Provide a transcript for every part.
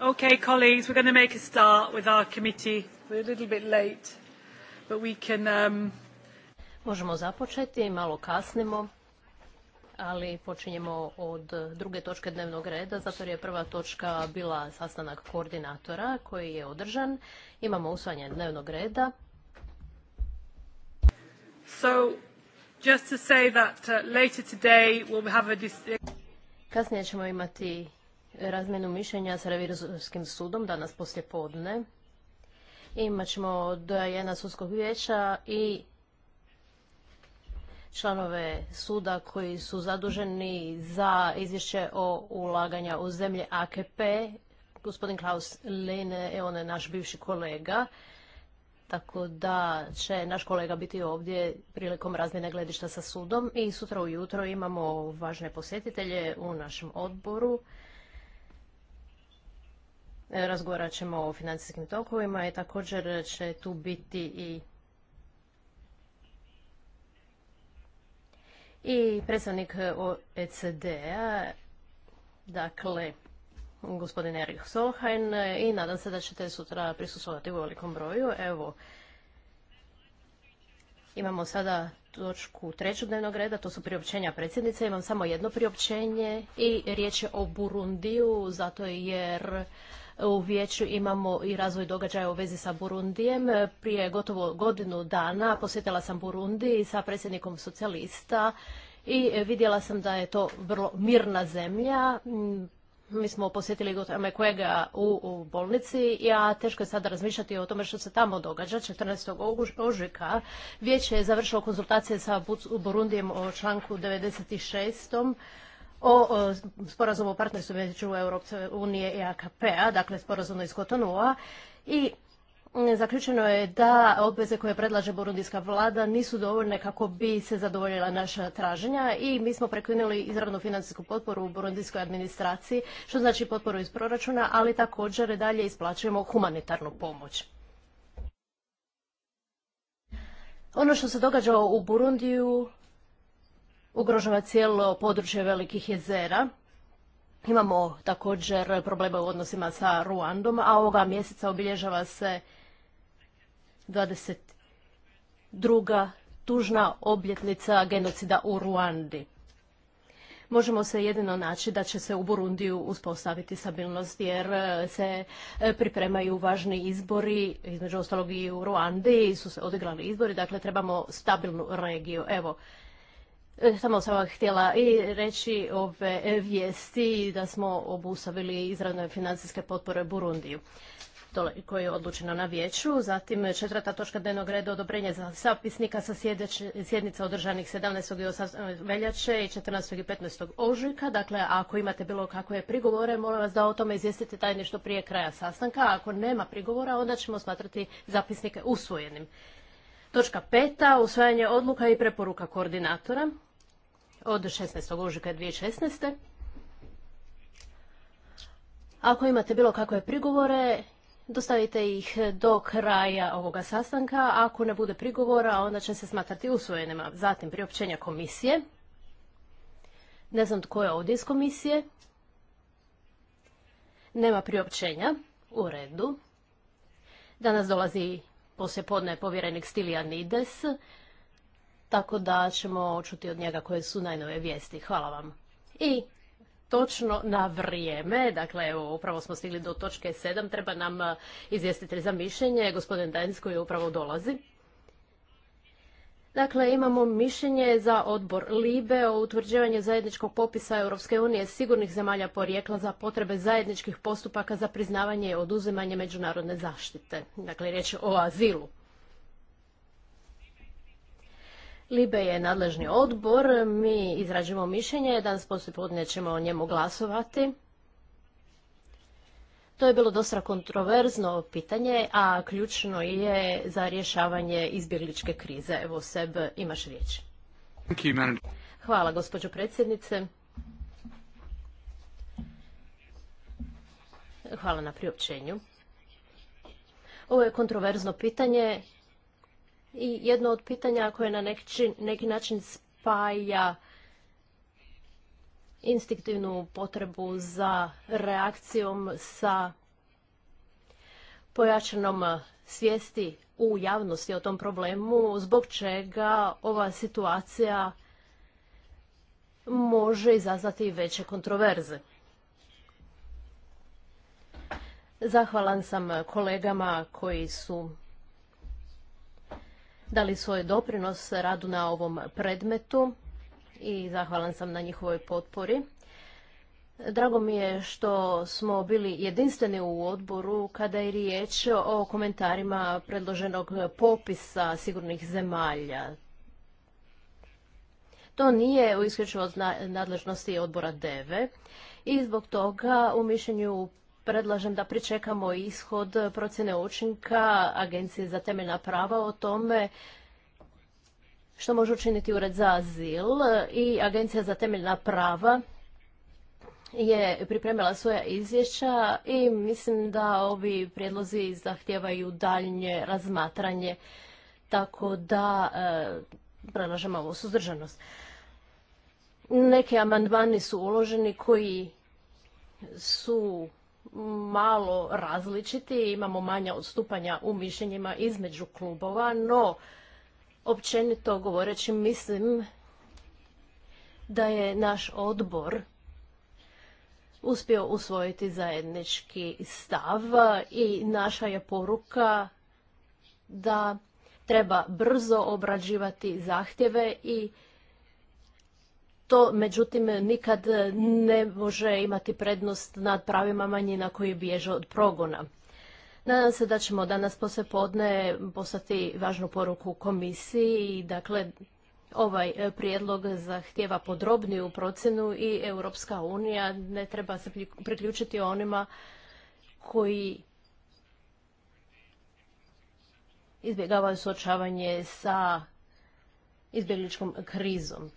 Okay, colleagues, we're going to make a start with our committee. We're a little bit late, but we can... Um... Možemo započeti, malo kasnimo, ali počinjemo od druge točke dnevnog reda, zato je prva točka bila sastanak koordinatora koji je održan. Imamo usvajanje dnevnog reda. So, just to say that uh, later today we'll have a... Kasnije ćemo imati razmjenu mišljenja s revizorskim sudom danas poslje podne. Imat ćemo dojena sudskog vijeća i članove suda koji su zaduženi za izvješće o ulaganja u zemlje AKP. Gospodin Klaus Lene, on je naš bivši kolega, tako da će naš kolega biti ovdje prilikom razmjene gledišta sa sudom i sutra ujutro imamo važne posjetitelje u našem odboru. E, razgovarat ćemo o financijskim tokovima i također će tu biti i i predstavnik OECD-a, dakle, gospodin Erich Solheim i nadam se da ćete sutra prisustovati u velikom broju. Evo, imamo sada točku trećeg dnevnog reda, to su priopćenja predsjednice. Imam samo jedno priopćenje i riječ je o Burundiju, zato jer u vijeću imamo i razvoj događaja u vezi sa Burundijem. Prije gotovo godinu dana posjetila sam Burundi sa predsjednikom socijalista i vidjela sam da je to vrlo mirna zemlja. Mm, mi smo posjetili gotovo kojega u, bolnici, ja teško je sada razmišljati o tome što se tamo događa. 14. ožujka vijeće je završilo konzultacije sa Burundijem o članku 96 o, sporazumu o partnerstvu među Europske unije i AKP-a, dakle sporazumu iz Kotonua i Zaključeno je da obveze koje predlaže burundijska vlada nisu dovoljne kako bi se zadovoljila naša traženja i mi smo prekinuli izravnu financijsku potporu u burundijskoj administraciji, što znači potporu iz proračuna, ali također dalje isplaćujemo humanitarnu pomoć. Ono što se događa u Burundiju ugrožava cijelo područje velikih jezera. Imamo također probleme u odnosima sa Ruandom, a ovoga mjeseca obilježava se 22. tužna obljetnica genocida u Ruandi. Možemo se jedino naći da će se u Burundiju uspostaviti stabilnost jer e, se e, pripremaju važni izbori, između ostalog i u Ruandi su se odigrali izbori, dakle trebamo stabilnu regiju. Evo, E, samo sam vam htjela i reći ove vijesti da smo obustavili izravne financijske potpore Burundiju koje je odlučeno na vijeću. Zatim četvrta točka dnevnog reda odobrenje za zapisnika sa sjednica održanih 17. i 18. veljače i 14. i 15. ožujka. Dakle, ako imate bilo kakve prigovore, molim vas da o tome izvijestite tajništvo prije kraja sastanka. ako nema prigovora, onda ćemo smatrati zapisnike usvojenim. Točka peta, usvajanje odluka i preporuka koordinatora od 16. ožujka 2016. Ako imate bilo kakve prigovore, dostavite ih do kraja ovoga sastanka. Ako ne bude prigovora, onda će se smatrati usvojenima. Zatim priopćenja komisije. Ne znam tko je ovdje iz komisije. Nema priopćenja. U redu. Danas dolazi podne, povjerenik Nides tako da ćemo čuti od njega koje su najnove vijesti. Hvala vam. I točno na vrijeme, dakle evo upravo smo stigli do točke 7, treba nam e, izvjestitelj za mišljenje, gospodin Denz, koji upravo dolazi. Dakle, imamo mišljenje za odbor LIBE o utvrđivanju zajedničkog popisa Europske unije sigurnih zemalja porijekla za potrebe zajedničkih postupaka za priznavanje i oduzimanje međunarodne zaštite. Dakle, riječ je o azilu. Libe je nadležni odbor, mi izrađujemo mišljenje, danas poslije podne ćemo o njemu glasovati. To je bilo dosta kontroverzno pitanje, a ključno je za rješavanje izbjegličke krize. Evo Seb, imaš riječ. Hvala gospođo predsjednice. Hvala na priopćenju. Ovo je kontroverzno pitanje i jedno od pitanja koje na neki, način spaja instinktivnu potrebu za reakcijom sa pojačanom svijesti u javnosti o tom problemu, zbog čega ova situacija može izazvati veće kontroverze. Zahvalan sam kolegama koji su dali svoj doprinos radu na ovom predmetu i zahvalan sam na njihovoj potpori. Drago mi je što smo bili jedinstveni u odboru kada je riječ o komentarima predloženog popisa sigurnih zemalja. To nije u isključivo nadležnosti odbora DEVE i zbog toga u mišljenju predlažem da pričekamo ishod procjene učinka Agencije za temeljna prava o tome što može učiniti Ured za azil i Agencija za temeljna prava je pripremila svoja izvješća i mislim da ovi prijedlozi zahtijevaju daljnje razmatranje, tako da e, predlažem ovu suzdržanost. Neki amandmani su uloženi koji su malo različiti, imamo manja odstupanja u mišljenjima između klubova, no općenito govoreći mislim da je naš odbor uspio usvojiti zajednički stav i naša je poruka da treba brzo obrađivati zahtjeve i to međutim nikad ne može imati prednost nad pravima manjina koji bježe od progona. Nadam se da ćemo danas posle podne poslati važnu poruku komisiji i dakle ovaj prijedlog zahtjeva podrobniju procenu i Europska unija ne treba se priključiti onima koji izbjegavaju suočavanje sa izbjegličkom krizom.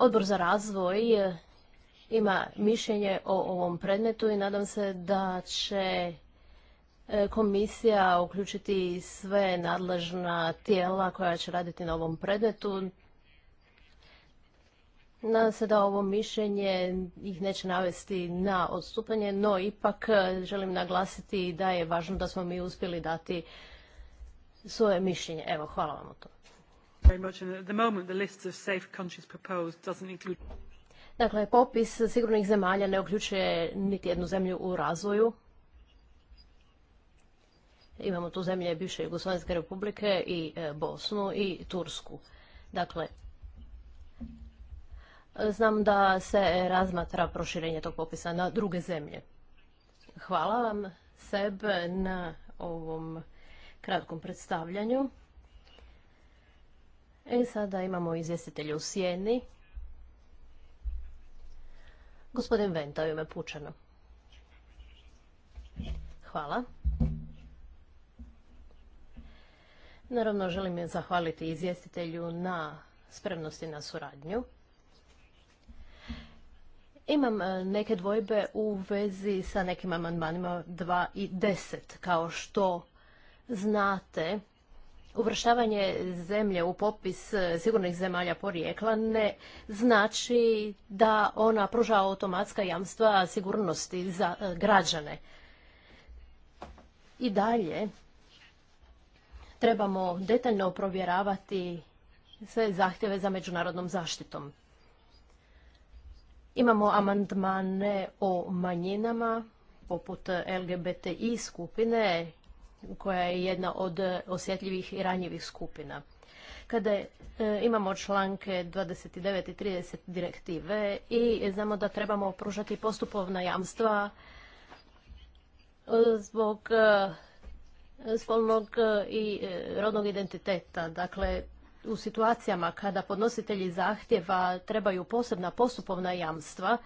Odbor za razvoj e, ima mišljenje o ovom predmetu i nadam se da će e, komisija uključiti sve nadležna tijela koja će raditi na ovom predmetu. Nadam se da ovo mišljenje ih neće navesti na odstupanje, no ipak e, želim naglasiti da je važno da smo mi uspjeli dati svoje mišljenje. Evo, hvala vam o tome. Dakle, popis sigurnih zemalja ne uključuje niti jednu zemlju u razvoju. Imamo tu zemlje bivše Jugoslavenske republike i e, Bosnu i Tursku. Dakle, znam da se razmatra proširenje tog popisa na druge zemlje. Hvala vam sebe na ovom kratkom predstavljanju. E sada imamo izvjestitelje u sjeni. Gospodin Venta u ime Pučana. Hvala. Naravno, želim je zahvaliti izvjestitelju na spremnosti na suradnju. Imam e, neke dvojbe u vezi sa nekim amandmanima 2 i 10. Kao što znate, uvrštavanje zemlje u popis e, sigurnih zemalja porijekla ne znači da ona pruža automatska jamstva sigurnosti za e, građane. I dalje trebamo detaljno provjeravati sve zahtjeve za međunarodnom zaštitom. Imamo amandmane o manjinama poput LGBTI skupine koja je jedna od e, osjetljivih i ranjivih skupina. Kada e, imamo članke 29 i 30 direktive i znamo da trebamo pružati postupovna jamstva e, zbog spolnog i rodnog identiteta. Dakle, u situacijama kada podnositelji zahtjeva trebaju posebna postupovna jamstva,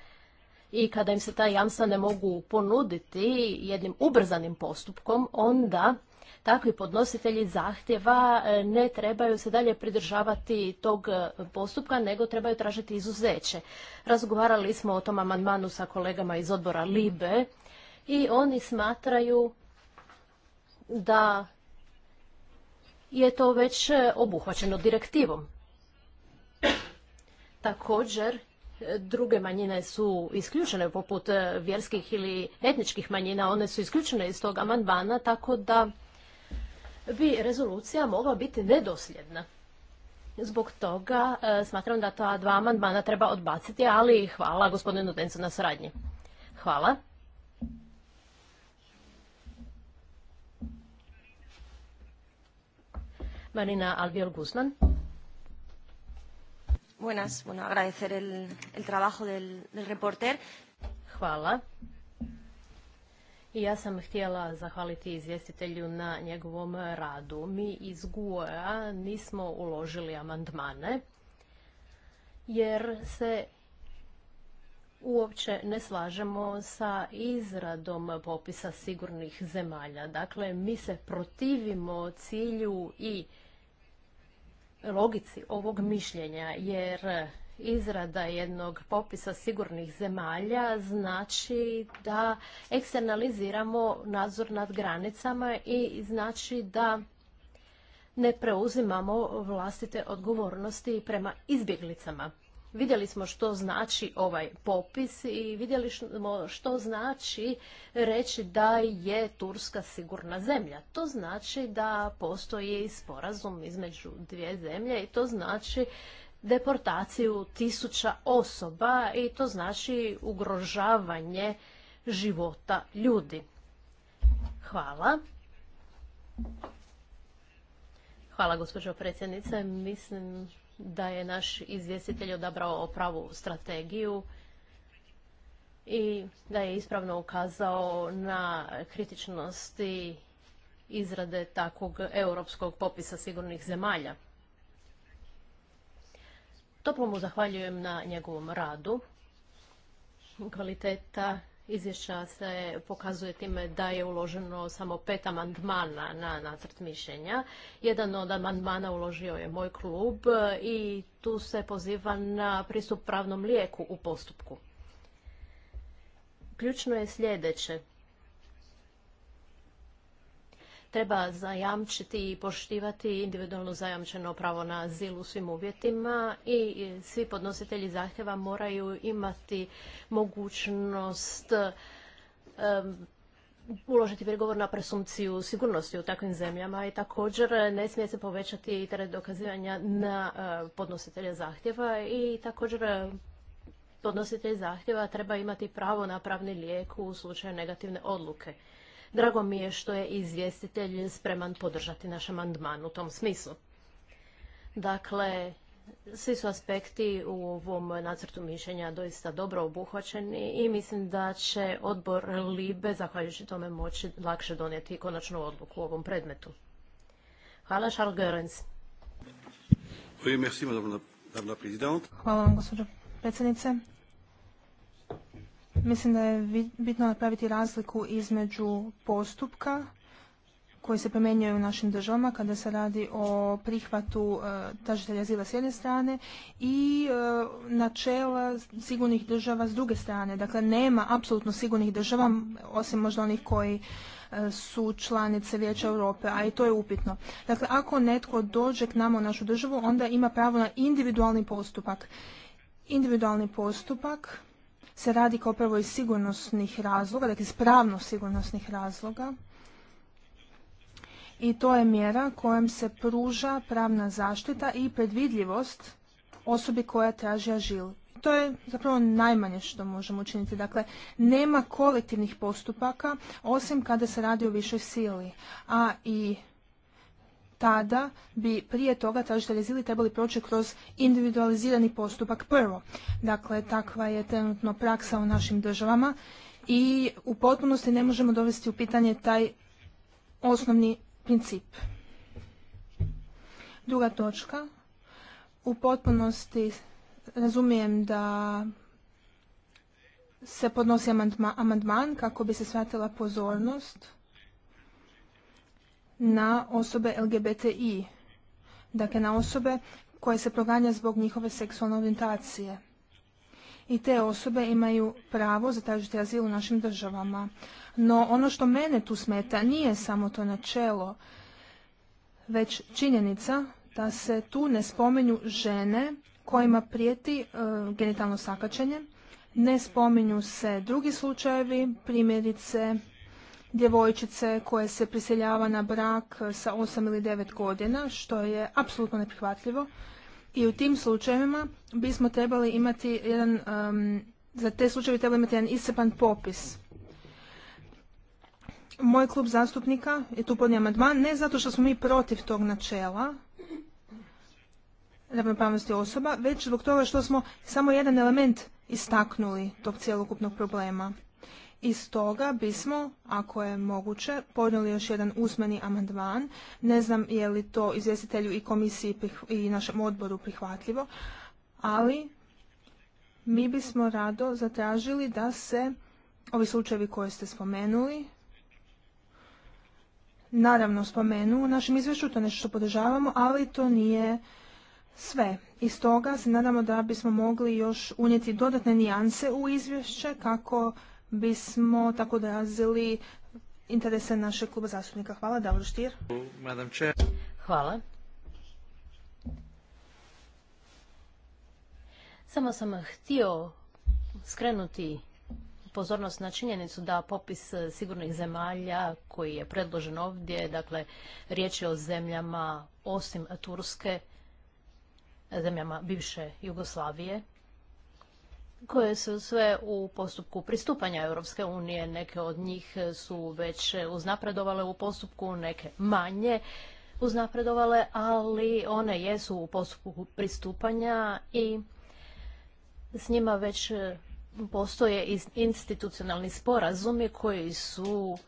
i kada im se ta jamstva ne mogu ponuditi jednim ubrzanim postupkom, onda takvi podnositelji zahtjeva e, ne trebaju se dalje pridržavati tog e, postupka, nego trebaju tražiti izuzeće. Razgovarali smo o tom amandmanu sa kolegama iz odbora LIBE i oni smatraju da je to već e, obuhvaćeno direktivom. Također druge manjine su isključene poput e, vjerskih ili etničkih manjina, one su isključene iz tog amandmana, tako da bi rezolucija mogla biti nedosljedna. Zbog toga e, smatram da ta dva amandmana treba odbaciti, ali hvala gospodinu Dencu na sradnji. Hvala. Marina Albiol Guzman. Buenas, bueno, agradecer el, el trabajo del, del reporter. Hvala. I ja sam htjela zahvaliti izvjestitelju na njegovom radu. Mi iz gue nismo uložili amandmane jer se uopće ne slažemo sa izradom popisa sigurnih zemalja. Dakle, mi se protivimo cilju i logici ovog mišljenja, jer izrada jednog popisa sigurnih zemalja znači da eksternaliziramo nadzor nad granicama i znači da ne preuzimamo vlastite odgovornosti prema izbjeglicama. Vidjeli smo što znači ovaj popis i vidjeli smo što znači reći da je Turska sigurna zemlja. To znači da postoji sporazum između dvije zemlje i to znači deportaciju tisuća osoba i to znači ugrožavanje života ljudi. Hvala. Hvala gospođo predsjednice. Mislim da je naš izvjestitelj odabrao pravu strategiju i da je ispravno ukazao na kritičnosti izrade takvog europskog popisa sigurnih zemalja. Toplo mu zahvaljujem na njegovom radu. Kvaliteta izvješća se pokazuje time da je uloženo samo pet amandmana na nacrt mišljenja. Jedan od amandmana uložio je moj klub i tu se poziva na pristup pravnom lijeku u postupku. Ključno je sljedeće treba zajamčiti i poštivati individualno zajamčeno pravo na azil u svim uvjetima i svi podnositelji zahtjeva moraju imati mogućnost uložiti prigovor na presumpciju sigurnosti u takvim zemljama i također ne smije se povećati teret dokazivanja na e, podnositelja zahtjeva i također podnositelj zahtjeva treba imati pravo na pravni lijek u slučaju negativne odluke. Drago mi je što je izvjestitelj spreman podržati naš amandman u tom smislu. Dakle, svi su aspekti u ovom nacrtu mišljenja doista dobro obuhvaćeni i mislim da će odbor Libe, zahvaljujući tome, moći lakše donijeti konačnu odluku u ovom predmetu. Hvala, Charles Goerens. Hvala vam, gospođo predsjednice. Mislim da je bitno napraviti razliku između postupka koji se primjenjuje u našim državama kada se radi o prihvatu e, tražitelja azila s jedne strane i e, načela sigurnih država s druge strane. Dakle, nema apsolutno sigurnih država, osim možda onih koji e, su članice Vijeća Europe, a i to je upitno. Dakle, ako netko dođe k nama u našu državu, onda ima pravo na individualni postupak. Individualni postupak se radi kao prvo iz sigurnosnih razloga, dakle iz pravno sigurnosnih razloga. I to je mjera kojom se pruža pravna zaštita i predvidljivost osobi koja traži ažil. To je zapravo najmanje što možemo učiniti. Dakle, nema kolektivnih postupaka osim kada se radi o višoj sili. A i tada bi prije toga tražitelji azili trebali proći kroz individualizirani postupak prvo. Dakle, takva je trenutno praksa u našim državama i u potpunosti ne možemo dovesti u pitanje taj osnovni princip. Druga točka. U potpunosti razumijem da se podnosi amandman kako bi se shvatila pozornost na osobe LGBTI, dakle na osobe koje se proganja zbog njihove seksualne orientacije. I te osobe imaju pravo zatražiti azil u našim državama. No ono što mene tu smeta nije samo to načelo, već činjenica da se tu ne spomenju žene kojima prijeti e, genitalno sakačenje, ne spominju se drugi slučajevi, primjerice djevojčice koje se priseljava na brak sa 8 ili 9 godina, što je apsolutno neprihvatljivo. I u tim slučajevima bismo trebali imati jedan, za te slučajeve trebali imati jedan isepan popis. Moj klub zastupnika je tu podnio amandman ne zato što smo mi protiv tog načela, ravnopravnosti osoba, već zbog toga što smo samo jedan element istaknuli tog cjelokupnog problema i toga bismo, ako je moguće, podnijeli još jedan usmeni amandman. Ne znam je li to izvjestitelju i komisiji i našem odboru prihvatljivo, ali mi bismo rado zatražili da se ovi slučajevi koje ste spomenuli, naravno spomenu u našem izvješću, to nešto što podržavamo, ali to nije sve. I stoga se nadamo da bismo mogli još unijeti dodatne nijanse u izvješće kako bismo tako odrazili interese našeg kluba zastupnika. Hvala, Davor Štir. Hvala. Samo sam htio skrenuti pozornost na činjenicu da popis sigurnih zemalja koji je predložen ovdje, dakle riječ je o zemljama osim Turske, zemljama bivše Jugoslavije, koje su sve u postupku pristupanja Europske unije. Neke od njih su već uznapredovale u postupku, neke manje uznapredovale, ali one jesu u postupku pristupanja i s njima već postoje institucionalni sporazumi koji su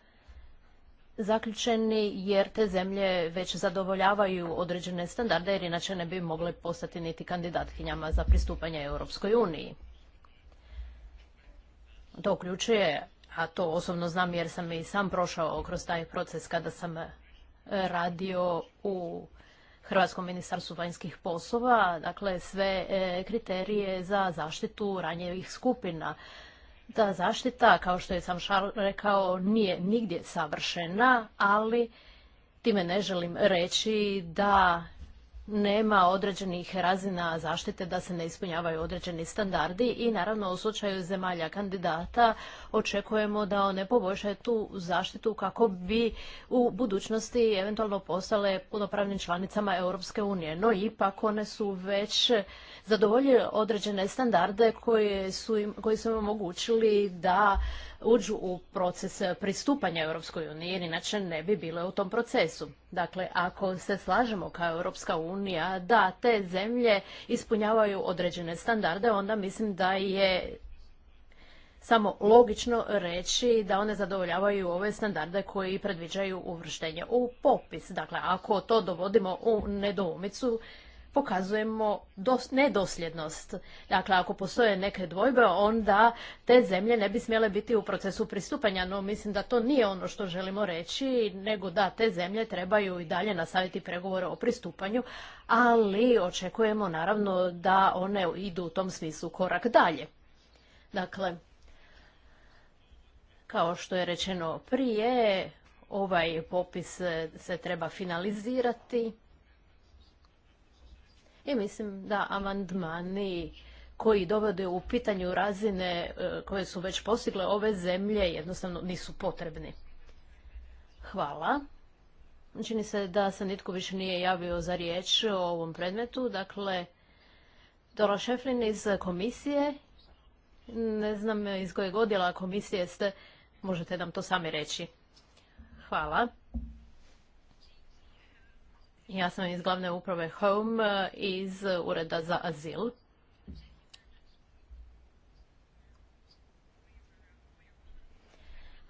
zaključeni jer te zemlje već zadovoljavaju određene standarde jer inače ne bi mogle postati niti kandidatkinjama za pristupanje Europskoj uniji to uključuje, a to osobno znam jer sam i sam prošao kroz taj proces kada sam e, radio u Hrvatskom ministarstvu vanjskih poslova, dakle sve e, kriterije za zaštitu ranjevih skupina. Ta zaštita, kao što je sam rekao, nije nigdje savršena, ali time ne želim reći da nema određenih razina zaštite da se ne ispunjavaju određeni standardi i naravno u slučaju zemalja kandidata očekujemo da one poboljšaju tu zaštitu kako bi u budućnosti eventualno postale punopravnim članicama Europske unije. No ipak one su već zadovoljile određene standarde koji su im omogućili da uđu u proces pristupanja Europskoj uniji, jer inače ne bi bile u tom procesu. Dakle, ako se slažemo kao Europska unija da te zemlje ispunjavaju određene standarde, onda mislim da je samo logično reći da one zadovoljavaju ove standarde koji predviđaju uvrštenje u popis. Dakle, ako to dovodimo u nedoumicu, pokazujemo dos, nedosljednost. Dakle, ako postoje neke dvojbe, onda te zemlje ne bi smjele biti u procesu pristupanja, no mislim da to nije ono što želimo reći, nego da te zemlje trebaju i dalje nastaviti pregovore o pristupanju, ali očekujemo naravno da one idu u tom smislu korak dalje. Dakle, kao što je rečeno prije, ovaj popis se treba finalizirati i mislim da amandmani koji dovode u pitanju razine e, koje su već postigle ove zemlje jednostavno nisu potrebni. Hvala. Čini se da se nitko više nije javio za riječ o ovom predmetu. Dakle, Dora Šeflin iz komisije. Ne znam iz kojeg odjela komisije ste. Možete nam to sami reći. Hvala. Ja sam iz glavne uprave Home e, iz Ureda za azil.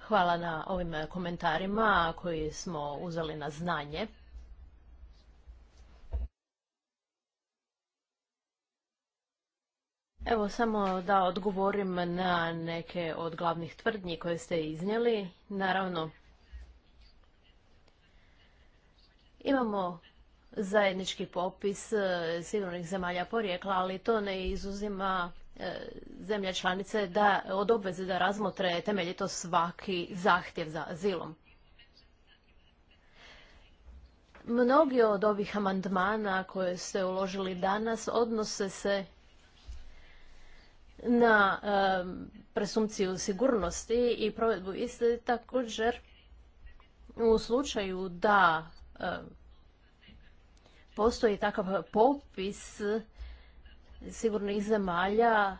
Hvala na ovim komentarima koji smo uzeli na znanje. Evo samo da odgovorim na neke od glavnih tvrdnji koje ste iznijeli. Naravno, imamo zajednički popis e, sigurnih zemalja porijekla, ali to ne izuzima e, zemlje članice da od obveze da razmotre temeljito svaki zahtjev za azilom. Mnogi od ovih amandmana koje ste uložili danas odnose se na e, presumpciju sigurnosti i provedbu iste također u slučaju da postoji takav popis sigurnih zemalja,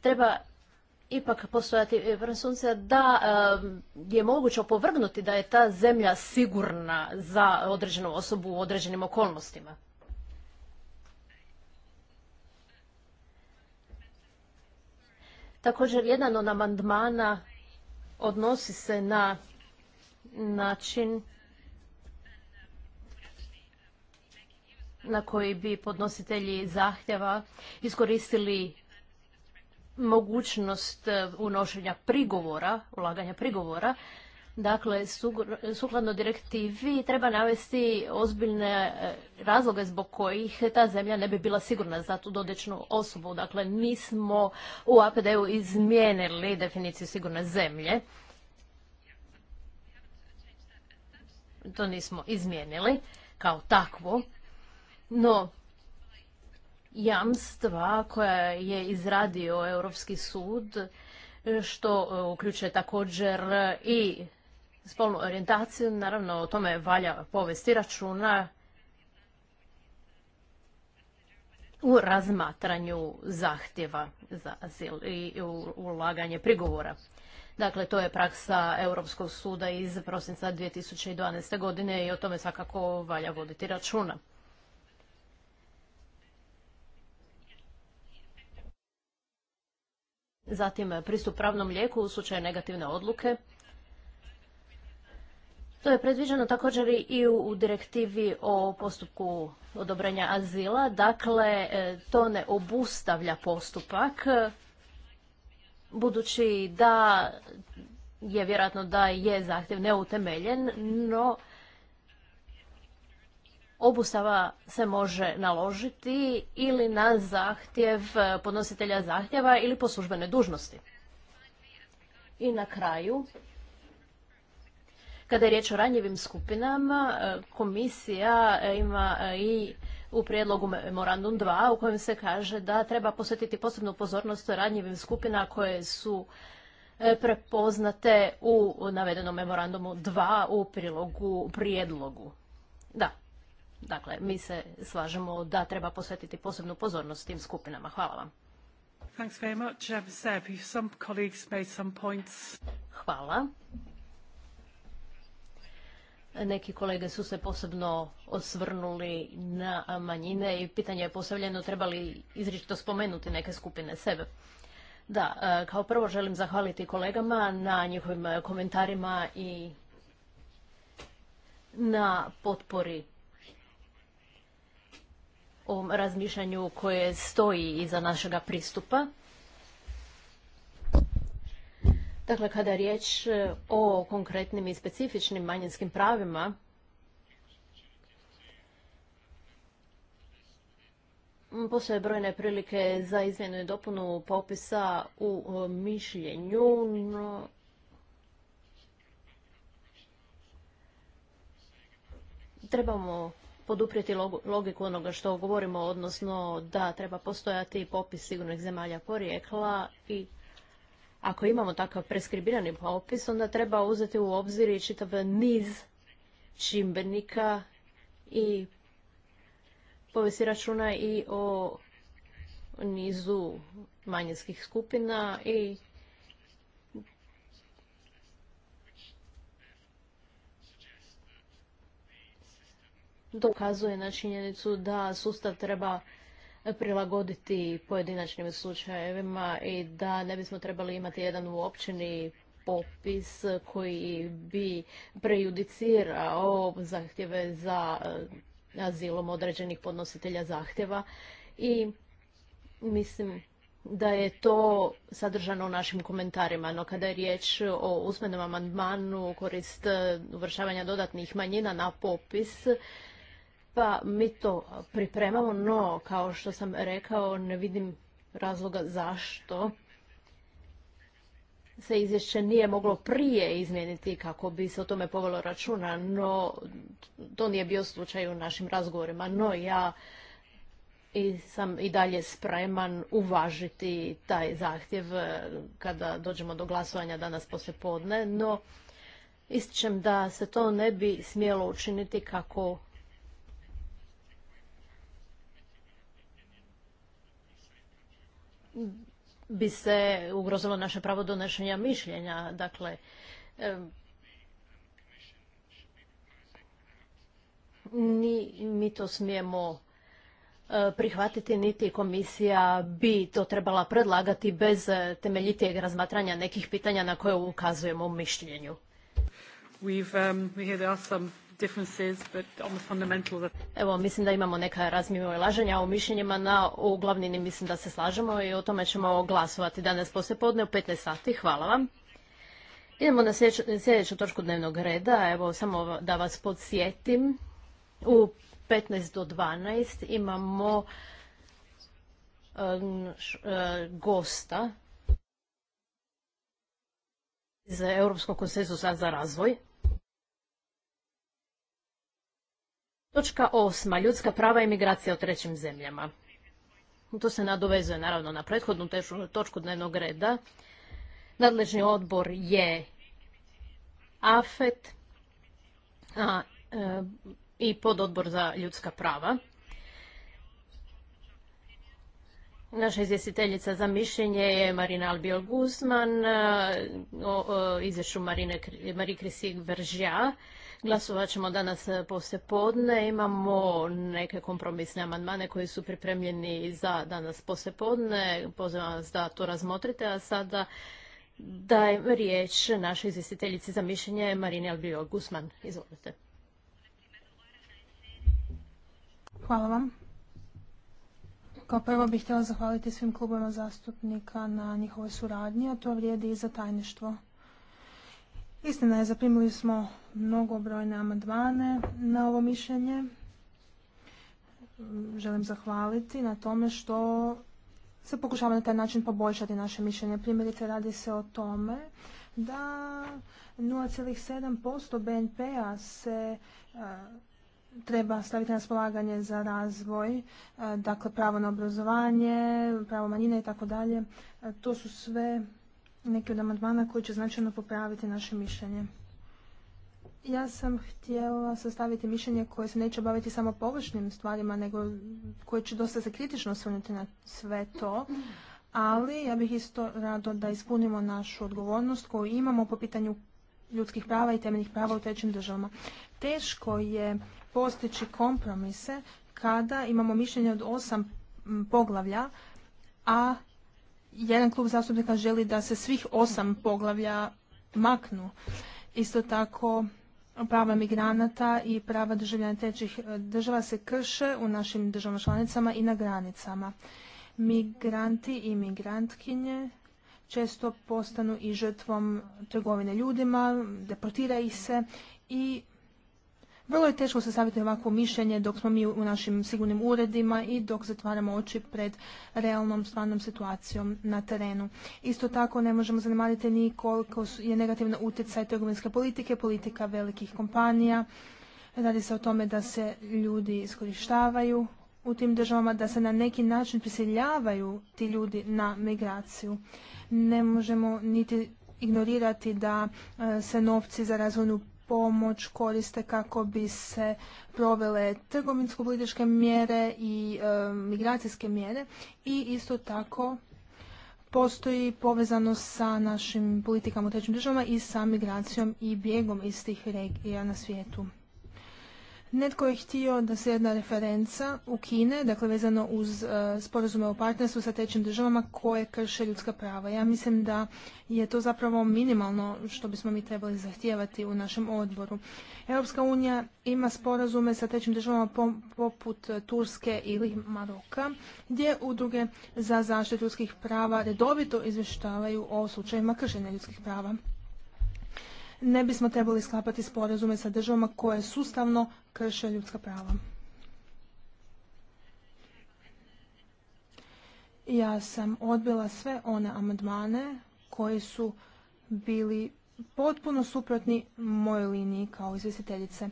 treba ipak postojati presuncija da je moguće opovrgnuti da je ta zemlja sigurna za određenu osobu u određenim okolnostima. Također, jedan od amandmana odnosi se na način na koji bi podnositelji zahtjeva iskoristili mogućnost e, unošenja prigovora, ulaganja prigovora. Dakle, sukladno direktivi treba navesti ozbiljne e, razloge zbog kojih ta zemlja ne bi bila sigurna za tu dodečnu osobu. Dakle, nismo u APD-u izmijenili definiciju sigurne zemlje. To nismo izmijenili kao takvo. No, jamstva koja je izradio Europski sud, što e, uključuje također i spolnu orijentaciju, naravno o tome valja povesti računa u razmatranju zahtjeva za azil i ulaganje prigovora. Dakle, to je praksa Europskog suda iz prosinca 2012. godine i o tome svakako valja voditi računa. zatim e, pristup pravnom lijeku u slučaju negativne odluke. To je predviđeno također i u direktivi o postupku odobrenja azila. Dakle, e, to ne obustavlja postupak, e, budući da je vjerojatno da je zahtjev neutemeljen, no obustava se može naložiti ili na zahtjev podnositelja zahtjeva ili po službenoj dužnosti. I na kraju, kada je riječ o ranjivim skupinama, komisija e, ima e, i u prijedlogu Memorandum 2 u kojem se kaže da treba posvetiti posebnu pozornost ranjivim skupina koje su e, prepoznate u navedenom Memorandumu 2 u prilogu prijedlogu. Da, Dakle, mi se slažemo da treba posvetiti posebnu pozornost tim skupinama. Hvala vam. Hvala. Neki kolege su se posebno osvrnuli na manjine i pitanje je postavljeno treba li izričito spomenuti neke skupine sebe. Da, e, kao prvo želim zahvaliti kolegama na njihovim komentarima i na potpori o razmišljanju koje stoji iza našega pristupa. Dakle, kada je riječ e, o konkretnim i specifičnim manjinskim pravima, Postoje brojne prilike za izmjenu i dopunu popisa u e, mišljenju. Trebamo poduprijeti logiku onoga što govorimo, odnosno da treba postojati popis sigurnih zemalja porijekla i ako imamo takav preskribirani popis, onda treba uzeti u obzir i čitav niz čimbenika i povesti računa i o nizu manjinskih skupina i dokazuje na činjenicu da sustav treba prilagoditi pojedinačnim slučajevima i da ne bismo trebali imati jedan uopćeni popis koji bi prejudicirao zahtjeve za eh, azilom određenih podnositelja zahtjeva i mislim da je to sadržano u našim komentarima, no kada je riječ o usmenom amandmanu korist eh, uvršavanja dodatnih manjina na popis, pa mi to pripremamo, no kao što sam rekao ne vidim razloga zašto se izvješće nije moglo prije izmijeniti kako bi se o tome povelo računa, no to nije bio slučaj u našim razgovorima. No ja i sam i dalje spreman uvažiti taj zahtjev eh, kada dođemo do glasovanja danas poslje podne, no ističem da se to ne bi smjelo učiniti kako bi se ugrozilo naše pravo donošenja mišljenja. Dakle, mi to smijemo e, prihvatiti, niti komisija bi to trebala predlagati bez temeljitijeg razmatranja nekih pitanja na koje ukazujemo u mišljenju. Um, but on Evo, mislim da imamo neka laženja o mišljenjima, na u mislim da se slažemo i o tome ćemo glasovati danas poslije podne u 15 sati. Hvala vam. Idemo na sljedeću, sljedeću točku dnevnog reda. Evo, samo da vas podsjetim. U 15 do 12 imamo e, gosta iz Europskog konsenzusa za razvoj. Točka osma, ljudska prava i migracija u trećim zemljama. To se nadovezuje naravno na prethodnu točku dnevnog reda. Nadležni odbor je AFET e, i pododbor za ljudska prava. Naša izvjestiteljica za mišljenje je Marina Albiol Guzman e, o, izvješću Marine Marie Glasovat ćemo danas eh, poslije podne. Imamo neke kompromisne amandmane koji su pripremljeni za danas poslije podne. Pozivam vas da to razmotrite, a sada dajem riječ našoj izvjestiteljici za mišljenje Marini Albio gusman Izvolite. Hvala vam. Kao prvo bih htjela zahvaliti svim klubovima zastupnika na njihovoj suradnji, a to vrijedi i za tajništvo. Istina je, zaprimili smo mnogobrojne amandmane na ovo mišljenje. Želim zahvaliti na tome što se pokušava na taj način poboljšati naše mišljenje. Primjerice radi se o tome da 0,7% BNP-a se treba staviti na spolaganje za razvoj, dakle pravo na obrazovanje, pravo manjine i tako dalje. To su sve neki od amandmana koji će značajno popraviti naše mišljenje. Ja sam htjela sastaviti mišljenje koje se neće baviti samo površnim stvarima, nego koje će dosta se kritično osvrnuti na sve to, ali ja bih isto rado da ispunimo našu odgovornost koju imamo po pitanju ljudskih prava i temeljnih prava u trećim državama. Teško je postići kompromise kada imamo mišljenje od osam poglavlja, a jedan klub zastupnika želi da se svih osam poglavlja maknu. Isto tako prava migranata i prava državljana trećih e, država se krše u našim državama članicama i na granicama. Migranti i migrantkinje često postanu i žrtvom trgovine ljudima, deportira ih se i vrlo je teško staviti ovako mišljenje dok smo mi u našim sigurnim uredima i dok zatvaramo oči pred realnom stvarnom situacijom na terenu. Isto tako ne možemo zanemariti ni koliko je negativna utjecaj trgovinske politike, politika velikih kompanija. Radi se o tome da se ljudi iskorištavaju u tim državama, da se na neki način prisiljavaju ti ljudi na migraciju. Ne možemo niti ignorirati da e, se novci za razvojnu pomoć koriste kako bi se provele trgovinsko-političke mjere i e, migracijske mjere i isto tako postoji povezano sa našim politikama u trećim državama i sa migracijom i bjegom iz tih regija na svijetu. Netko je htio da se jedna referenca Kine, dakle vezano uz e, sporazume o partnerstvu sa trećim državama koje krše ljudska prava. Ja mislim da je to zapravo minimalno što bismo mi trebali zahtijevati u našem odboru. Europska unija ima sporazume sa trećim državama poput Turske ili Maroka, gdje udruge za zaštitu ljudskih prava redovito izvještavaju o slučajima kršenja ljudskih prava ne bismo trebali sklapati sporazume sa državama koje sustavno krše ljudska prava. Ja sam odbila sve one amandmane koji su bili potpuno suprotni mojoj liniji kao izvjestiteljice.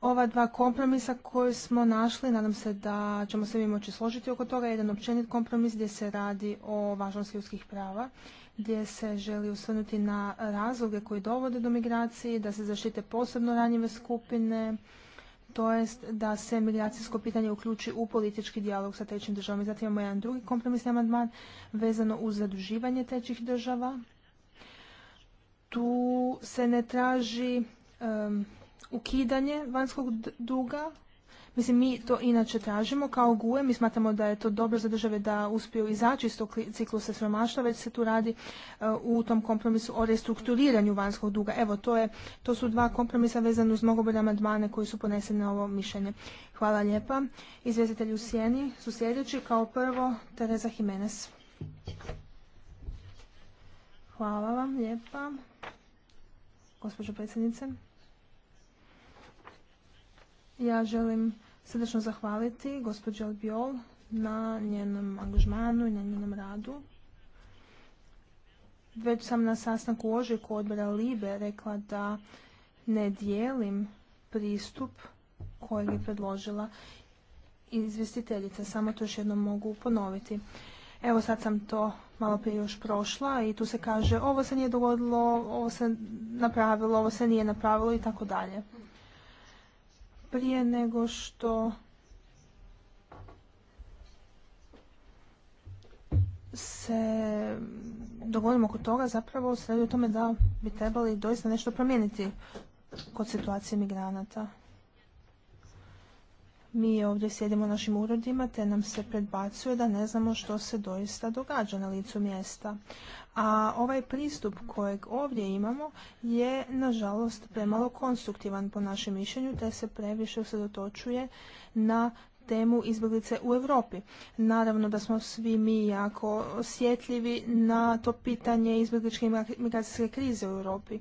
Ova dva kompromisa koje smo našli, nadam se da ćemo se mi moći složiti oko toga, jedan općenit kompromis gdje se radi o važnosti ljudskih prava gdje se želi usvrnuti na razloge koji dovode do migracije, da se zaštite posebno ranjive skupine, to jest da se migracijsko pitanje uključi u politički dijalog sa trećim državama. Zatim imamo jedan drugi kompromisni amandman vezano uz zaduživanje trećih država. Tu se ne traži ukidanje vanjskog duga, Mislim, mi to inače tražimo kao guje. mi smatramo da je to dobro za države da uspiju izaći iz tog ciklusa sromaštva, već se tu radi uh, u tom kompromisu o restrukturiranju vanjskog duga. Evo, to, je, to su dva kompromisa vezane uz mnogobrojne amandmane koji su poneseni na ovo mišljenje. Hvala lijepa. Izvjestitelji u sjeni su sljedeći. Kao prvo, Tereza Jimenez. Hvala vam lijepa, gospođo predsjednice. Ja želim srdečno zahvaliti gospođi Albiol na njenom angažmanu i na njenom radu. Već sam na sastanku u ožujku odbora Libe rekla da ne dijelim pristup koji je predložila izvjestiteljica. Samo to još jednom mogu ponoviti. Evo sad sam to malo prije još prošla i tu se kaže ovo se nije dogodilo, ovo se napravilo, ovo se nije napravilo i tako dalje. Prije nego što se dogodimo oko toga, zapravo se tome da bi trebali doista nešto promijeniti kod situacije migranata. Mi ovdje sjedimo u našim urodima te nam se predbacuje da ne znamo što se doista događa na licu mjesta. A ovaj pristup kojeg ovdje imamo je, nažalost, premalo konstruktivan po našem mišljenju, te se previše usredotočuje na temu izbjeglice u Europi. Naravno da smo svi mi jako osjetljivi na to pitanje izbjegličke migracijske krize u Europi.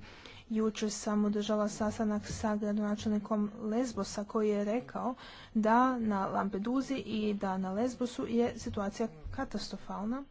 Jučer sam održala sastanak sa gradonačelnikom Lesbosa koji je rekao da na Lampeduzi i da na Lesbosu je situacija katastrofalna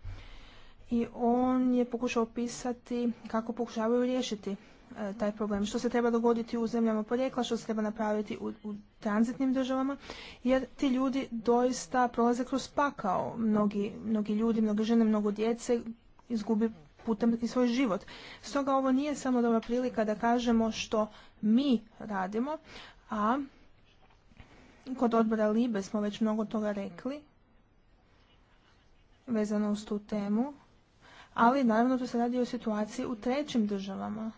i on je pokušao opisati kako pokušavaju riješiti e, taj problem. Što se treba dogoditi u zemljama porijekla, što se treba napraviti u, tranzitnim državama, jer ti ljudi doista prolaze kroz pakao. Mnogi, mnogi ljudi, mnoge žene, mnogo djece izgubi putem i svoj život. Stoga ovo nije samo dobra prilika da kažemo što mi radimo, a kod odbora Libe smo već mnogo toga rekli vezano uz tu temu ali naravno tu se radi o situaciji u trećim državama.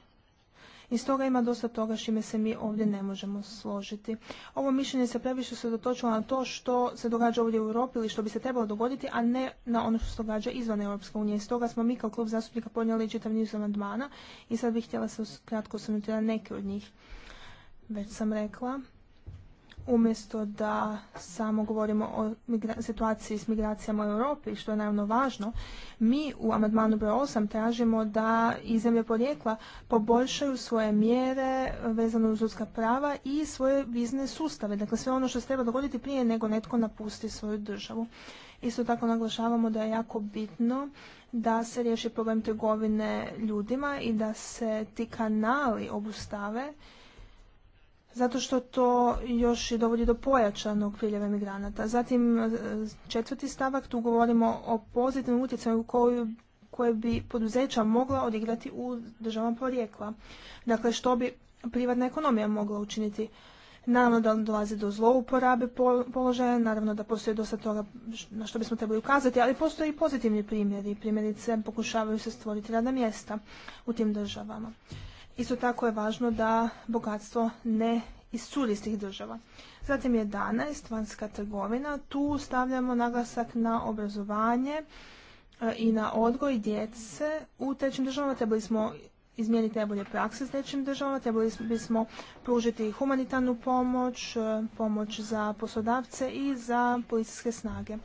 I stoga ima dosta toga čime se mi ovdje ne možemo složiti. Ovo mišljenje se previše se dotočilo na to što se događa ovdje u Europi ili što bi se trebalo dogoditi, a ne na ono što se događa izvan Europske unije. I stoga smo mi kao klub zastupnika podnijeli čitav niz amandmana i sad bih htjela se kratko osvrnuti na neke od njih. Već sam rekla umjesto da samo govorimo o situaciji s migracijama u Europi, što je naravno važno, mi u amandmanu broj 8 tražimo da i zemlje porijekla poboljšaju svoje mjere vezano uz ljudska prava i svoje vizne sustave. Dakle, sve ono što se treba dogoditi prije nego netko napusti svoju državu. Isto tako naglašavamo da je jako bitno da se riješi problem trgovine ljudima i da se ti kanali obustave zato što to još i dovodi do pojačanog priljeva migranata. Zatim e, četvrti stavak, tu govorimo o pozitivnom utjecaju koju koje bi poduzeća mogla odigrati u državama porijekla. Dakle, što bi privatna ekonomija mogla učiniti? Naravno da dolazi do zlouporabe položaja, naravno da postoji dosta toga na što bismo trebali ukazati, ali postoje i pozitivni primjeri. Primjerice, pokušavaju se stvoriti radna mjesta u tim državama. Isto tako je važno da bogatstvo ne iscuri iz tih država. Zatim 11. vanjska trgovina. Tu stavljamo naglasak na obrazovanje e, i na odgoj djece u trećim državama. Trebali smo izmijeniti najbolje prakse s trećim državama, trebali bismo pružiti humanitarnu pomoć, e, pomoć za poslodavce i za policijske snage.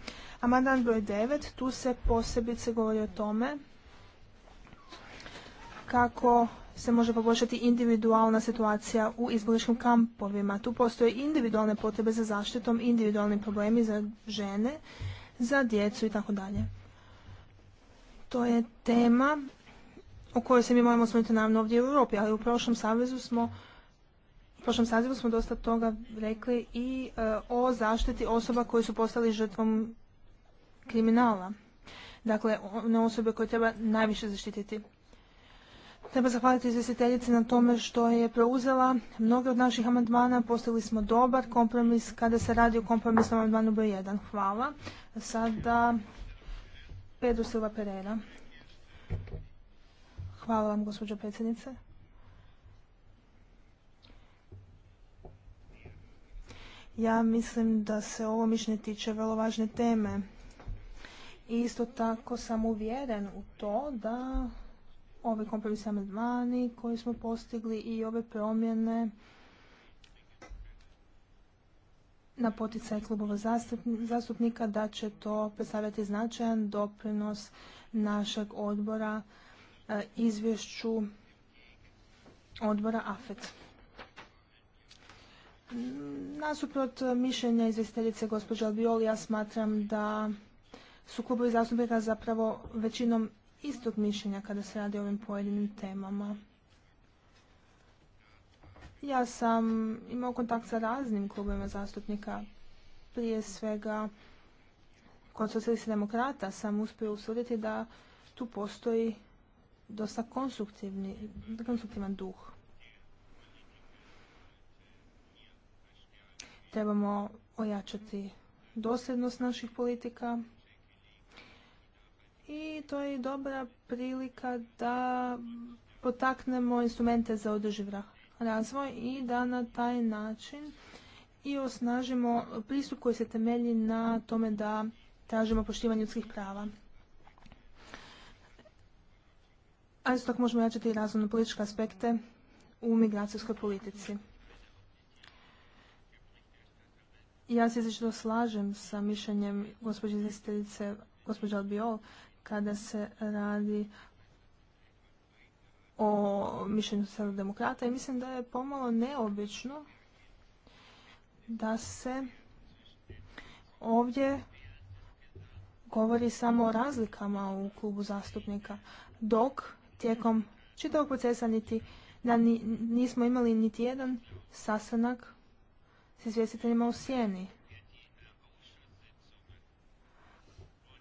Amandan broj 9, tu se posebice govori o tome kako se može poboljšati individualna situacija u izbolišnjim kampovima. Tu postoje individualne potrebe za zaštitom, individualni problemi za žene, za djecu i tako dalje. To je tema o kojoj se mi moramo osnoviti naravno ovdje u Europi, ali u prošlom savezu smo u prošlom sazivu smo dosta toga rekli i e, o zaštiti osoba koji su postali žrtvom kriminala. Dakle, one osobe koje treba najviše zaštititi. Treba zahvaliti izvjestiteljici na tome što je preuzela mnoge od naših amandmana. Postavili smo dobar kompromis kada se radi o kompromisnom amandmanu broj 1. Hvala. Sada Pedro Silva Pereira. Hvala vam, gospođo predsjednice. Ja mislim da se ovo mišljenje tiče vrlo važne teme. I isto tako sam uvjeren u to da ove kompromise amandmani koje smo postigli i ove promjene na poticaj klubova zastupnika da će to predstavljati značajan doprinos našeg odbora eh, izvješću odbora AFET. Nasuprot mišljenja izvjestiteljice gospođa Albioli, ja smatram da su klubovi zastupnika zapravo većinom istog mišljenja kada se radi o ovim pojedinim temama. Ja sam imao kontakt sa raznim klubima zastupnika. Prije svega, kod socijalista demokrata sam uspio usuditi da tu postoji dosta konstruktivan duh. Trebamo ojačati dosljednost naših politika, i to je dobra prilika da potaknemo instrumente za održiv razvoj i da na taj način i osnažimo pristup koji se temelji na tome da tražimo poštivanje ljudskih prava. A isto tako možemo jačati i razvojno političke aspekte u migracijskoj politici. Ja se izrečito slažem sa mišljenjem gospođe izvjestiteljice gospođa Albiol kada se radi o mišljenju demokrata i mislim da je pomalo neobično da se ovdje govori samo o razlikama u klubu zastupnika, dok tijekom čitavog procesa niti, da nismo imali niti jedan sastanak s izvjestiteljima u sjeni.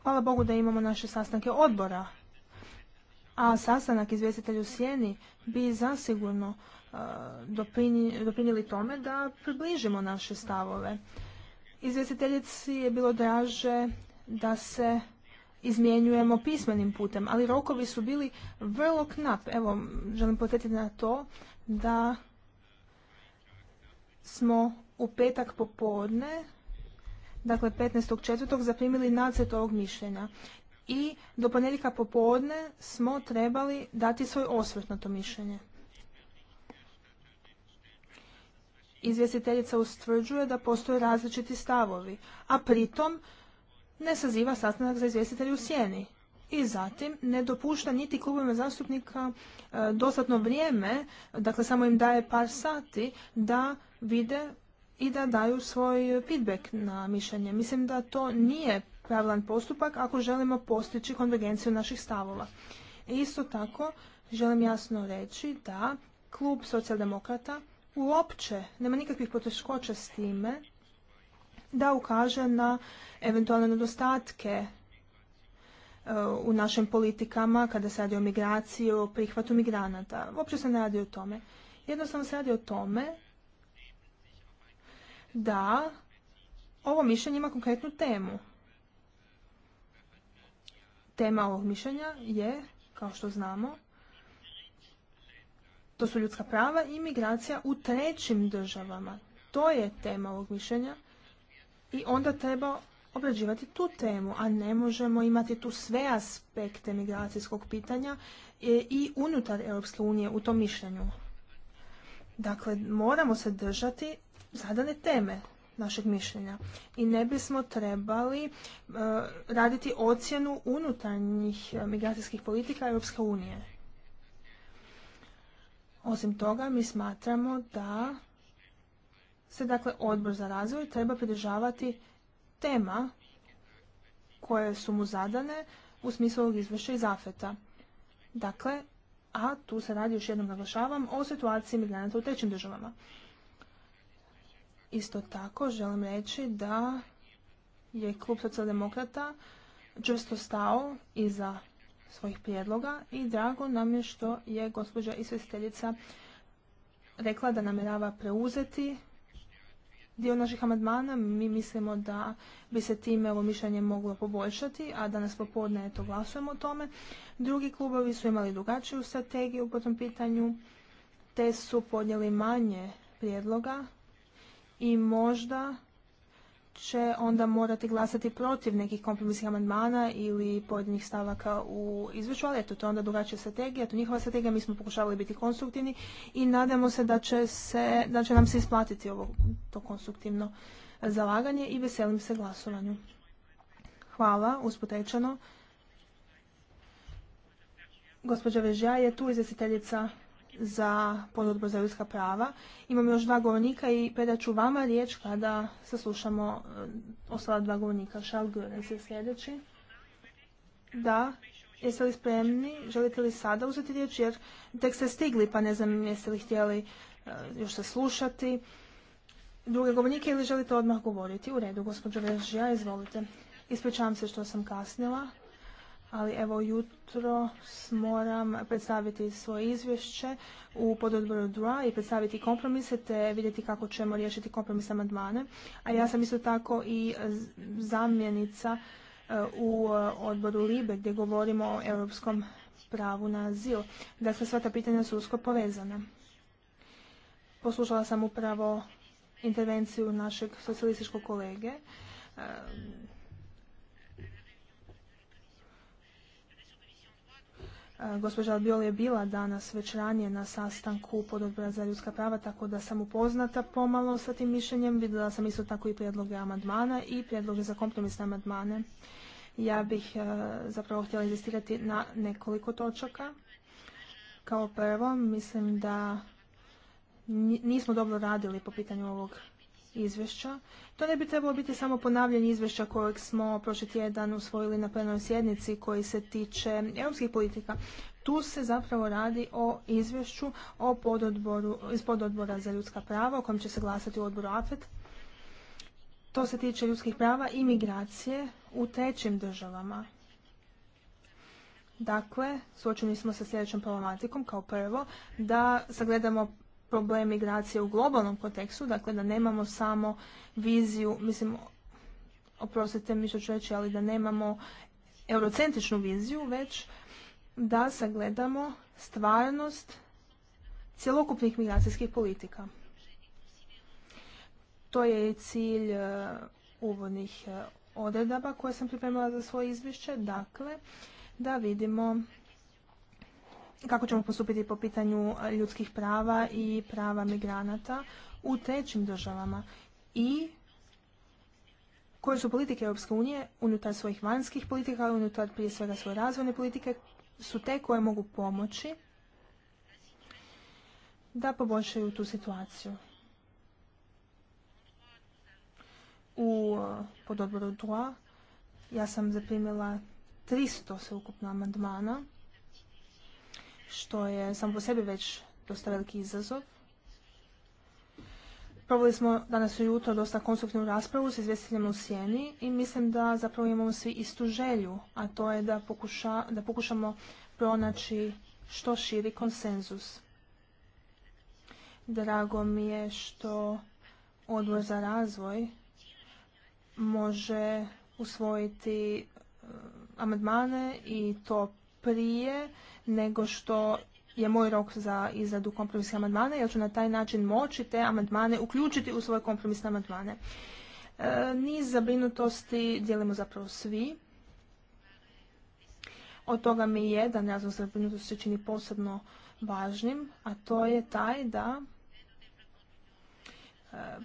Hvala Bogu da imamo naše sastanke odbora, a sastanak izvjestitelju u Sjeni bi zasigurno e, doprinijeli tome da približimo naše stavove. Izvjestiteljici je bilo draže da se izmjenjujemo pismenim putem, ali rokovi su bili vrlo knap. Evo, želim potetiti na to da smo u petak popodne dakle 15.4. zaprimili nacrt ovog mišljenja i do ponedjeljka popodne smo trebali dati svoj osvrt na to mišljenje. Izvjestiteljica ustvrđuje da postoje različiti stavovi, a pritom ne saziva sastanak za izvjestitelje u sjeni. I zatim ne dopušta niti klubovima zastupnika e, dostatno vrijeme, dakle samo im daje par sati da vide i da daju svoj feedback na mišljenje. Mislim da to nije pravilan postupak ako želimo postići konvergenciju naših stavova. Isto tako, želim jasno reći da klub socijaldemokrata uopće nema nikakvih poteškoća s time da ukaže na eventualne nedostatke e, u našim politikama kada se radi o migraciji, o prihvatu migranata. Uopće se ne radi o tome. Jednostavno se radi o tome da ovo mišljenje ima konkretnu temu. Tema ovog mišljenja je, kao što znamo, to su ljudska prava i migracija u trećim državama. To je tema ovog mišljenja i onda treba obrađivati tu temu, a ne možemo imati tu sve aspekte migracijskog pitanja i unutar Europske unije u tom mišljenju. Dakle, moramo se držati zadane teme našeg mišljenja i ne bismo trebali e, raditi ocjenu unutarnjih e, migracijskih politika Europske unije. Osim toga, mi smatramo da se dakle odbor za razvoj treba pridržavati tema koje su mu zadane u smislu ovog izvješća iz afeta. Dakle, a tu se radi, još jednom naglašavam, o situaciji migranata u trećim državama. Isto tako želim reći da je klub socijaldemokrata čvrsto stao iza svojih prijedloga i drago nam je što je gospođa izvjestiteljica rekla da namjerava preuzeti dio naših amandmana. Mi mislimo da bi se time ovo mišljenje moglo poboljšati, a danas popodne to glasujemo o tome. Drugi klubovi su imali drugačiju strategiju po tom pitanju, te su podnijeli manje prijedloga i možda će onda morati glasati protiv nekih kompromisnih amandmana ili pojedinih stavaka u izvješću, ali eto, to je onda drugačija strategija, to je njihova strategija, mi smo pokušavali biti konstruktivni i nadamo se da će, se, da će nam se isplatiti ovo to konstruktivno zalaganje i veselim se glasovanju. Hvala, usputečeno. Gospođa Vežja je tu izvjestiteljica za pododbor za ljudska prava. Imam još dva govornika i ću vama riječ kada saslušamo e, ostala dva govornika. Charles Görens je sljedeći. Da, jeste li spremni? Želite li sada uzeti riječ? Jer tek ste stigli, pa ne znam jeste li htjeli e, još saslušati druge govornike ili želite odmah govoriti? U redu, gospođo Režija, izvolite. Ispričavam se što sam kasnila ali evo jutro moram predstaviti svoje izvješće u pododboru 2 i predstaviti kompromise te vidjeti kako ćemo riješiti kompromis amandmane. A ja sam isto tako i zamjenica e, u e, odboru LIBE gdje govorimo o europskom pravu na azil. Dakle, sva ta pitanja su usko povezana. Poslušala sam upravo intervenciju našeg socijalističkog kolege e, Gospođa Albiol je bila danas već ranije na sastanku odbora za ljudska prava, tako da sam upoznata pomalo sa tim mišljenjem. Vidjela sam isto tako i prijedloge amandmana i prijedloge za kompromisne amandmane. Ja bih e, zapravo htjela inzistirati na nekoliko točaka. Kao prvo, mislim da nismo dobro radili po pitanju ovog izvješća. To ne bi trebalo biti samo ponavljanje izvješća kojeg smo prošli tjedan usvojili na plenoj sjednici koji se tiče europskih politika. Tu se zapravo radi o izvješću o pododboru, iz pododbora za ljudska prava o kojem će se glasati u odboru AFET. To se tiče ljudskih prava i migracije u trećim državama. Dakle, suočeni smo sa sljedećom problematikom kao prvo da sagledamo problem migracije u globalnom kontekstu, dakle da nemamo samo viziju, mislim, oprostite mi što ću reći, ali da nemamo eurocentričnu viziju, već da sagledamo stvarnost cjelokupnih migracijskih politika. To je i cilj e, uvodnih e, odredaba koje sam pripremila za svoje izvješće, dakle da vidimo kako ćemo postupiti po pitanju ljudskih prava i prava migranata u trećim državama i koje su politike Europske unije unutar svojih vanjskih politika, unutar prije svega svoje razvojne politike, su te koje mogu pomoći da poboljšaju tu situaciju. U pododboru 2 ja sam zaprimila 300 sveukupno amandmana što je sam po sebi već dosta veliki izazov. Proveli smo danas ujutro dosta konstruktivnu raspravu s izvjestiteljem u sjeni i mislim da zapravo imamo svi istu želju, a to je da, da pokušamo pronaći što širi konsenzus. Drago mi je što odbor za razvoj može usvojiti eh, amandmane i to prije nego što je moj rok za izradu kompromisnih amandmana, jer ću na taj način moći te amandmane uključiti u svoje kompromisne amandmane. E, niz zabrinutosti dijelimo zapravo svi. Od toga mi jedan razlog zabrinutosti se čini posebno važnim, a to je taj da e,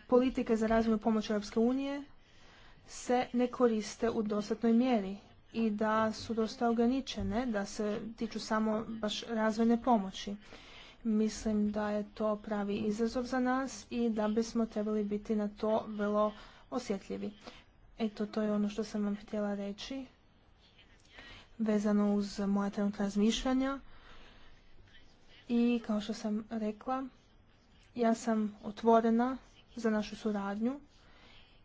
politike za razvojnu pomoć Europske unije se ne koriste u dostatnoj mjeri i da su dosta ograničene, da se tiču samo baš razvojne pomoći. Mislim da je to pravi izazov za nas i da bismo trebali biti na to vrlo osjetljivi. Eto, to je ono što sam vam htjela reći vezano uz moja trenutna razmišljanja. I kao što sam rekla, ja sam otvorena za našu suradnju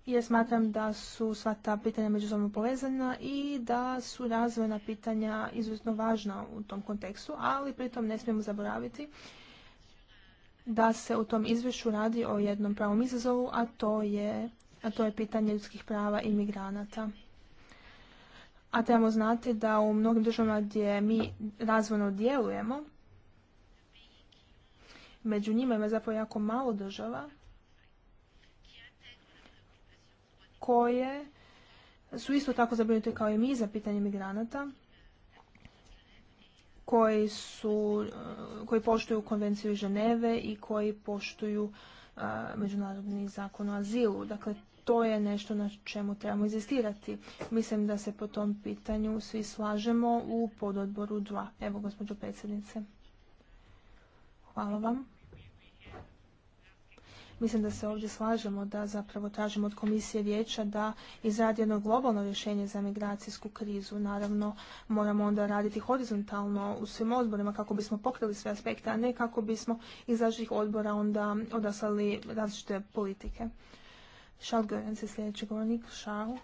jer smatram da su sva ta pitanja međusobno povezana i da su razvojna pitanja izuzetno važna u tom kontekstu, ali pritom ne smijemo zaboraviti da se u tom izvješću radi o jednom pravom izazovu, a to je, a to je pitanje ljudskih prava imigranata. A trebamo znati da u mnogim državama gdje mi razvojno djelujemo, među njima ima zapravo jako malo država koje su isto tako zabrinute kao i mi za pitanje migranata koji, su, eh, koji poštuju konvenciju Ženeve i koji poštuju eh, međunarodni zakon o azilu. Dakle, to je nešto na čemu trebamo izistirati. Mislim da se po tom pitanju svi slažemo u pododboru 2. Evo, gospođo predsjednice. Hvala vam. Mislim da se ovdje slažemo da zapravo tražimo od komisije vijeća da izradi jedno globalno rješenje za migracijsku krizu. Naravno, moramo onda raditi horizontalno u svim odborima kako bismo pokrili sve aspekte, a ne kako bismo iz odbora onda odaslali različite politike. Charles Gorenc je sljedeći govornik. Charles.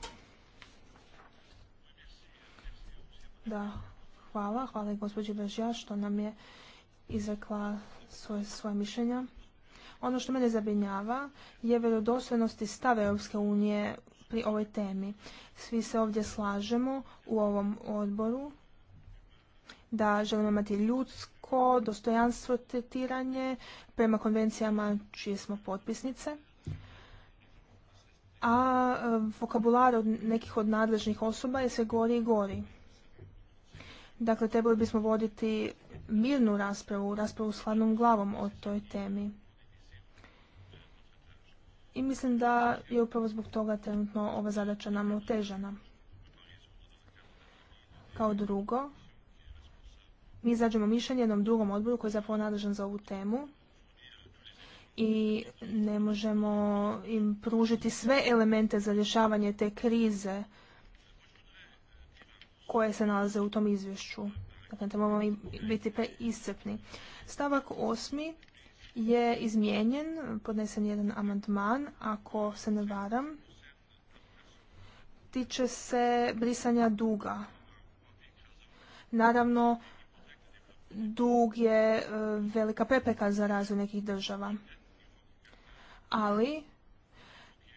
Da, hvala. Hvala i gospođi što nam je izrekla svoje, svoje mišljenja. Ono što mene zabrinjava je vjerodostojnosti stave Europske unije pri ovoj temi. Svi se ovdje slažemo u ovom odboru da želimo imati ljudsko dostojanstvo tretiranje prema konvencijama čije smo potpisnice a e, vokabular od nekih od nadležnih osoba je sve gori i gori. Dakle, trebali bismo voditi mirnu raspravu, raspravu s hladnom glavom o toj temi i mislim da je upravo zbog toga trenutno ova zadaća nam otežana. Kao drugo, mi zađemo mišljenje jednom drugom odboru koji je zapravo nadležan za ovu temu i ne možemo im pružiti sve elemente za rješavanje te krize koje se nalaze u tom izvješću. Dakle, trebamo biti preiscrpni. Stavak osmi je izmijenjen, podnesen jedan amandman, ako se ne varam, tiče se brisanja duga. Naravno, dug je e, velika prepreka za razvoj nekih država. Ali,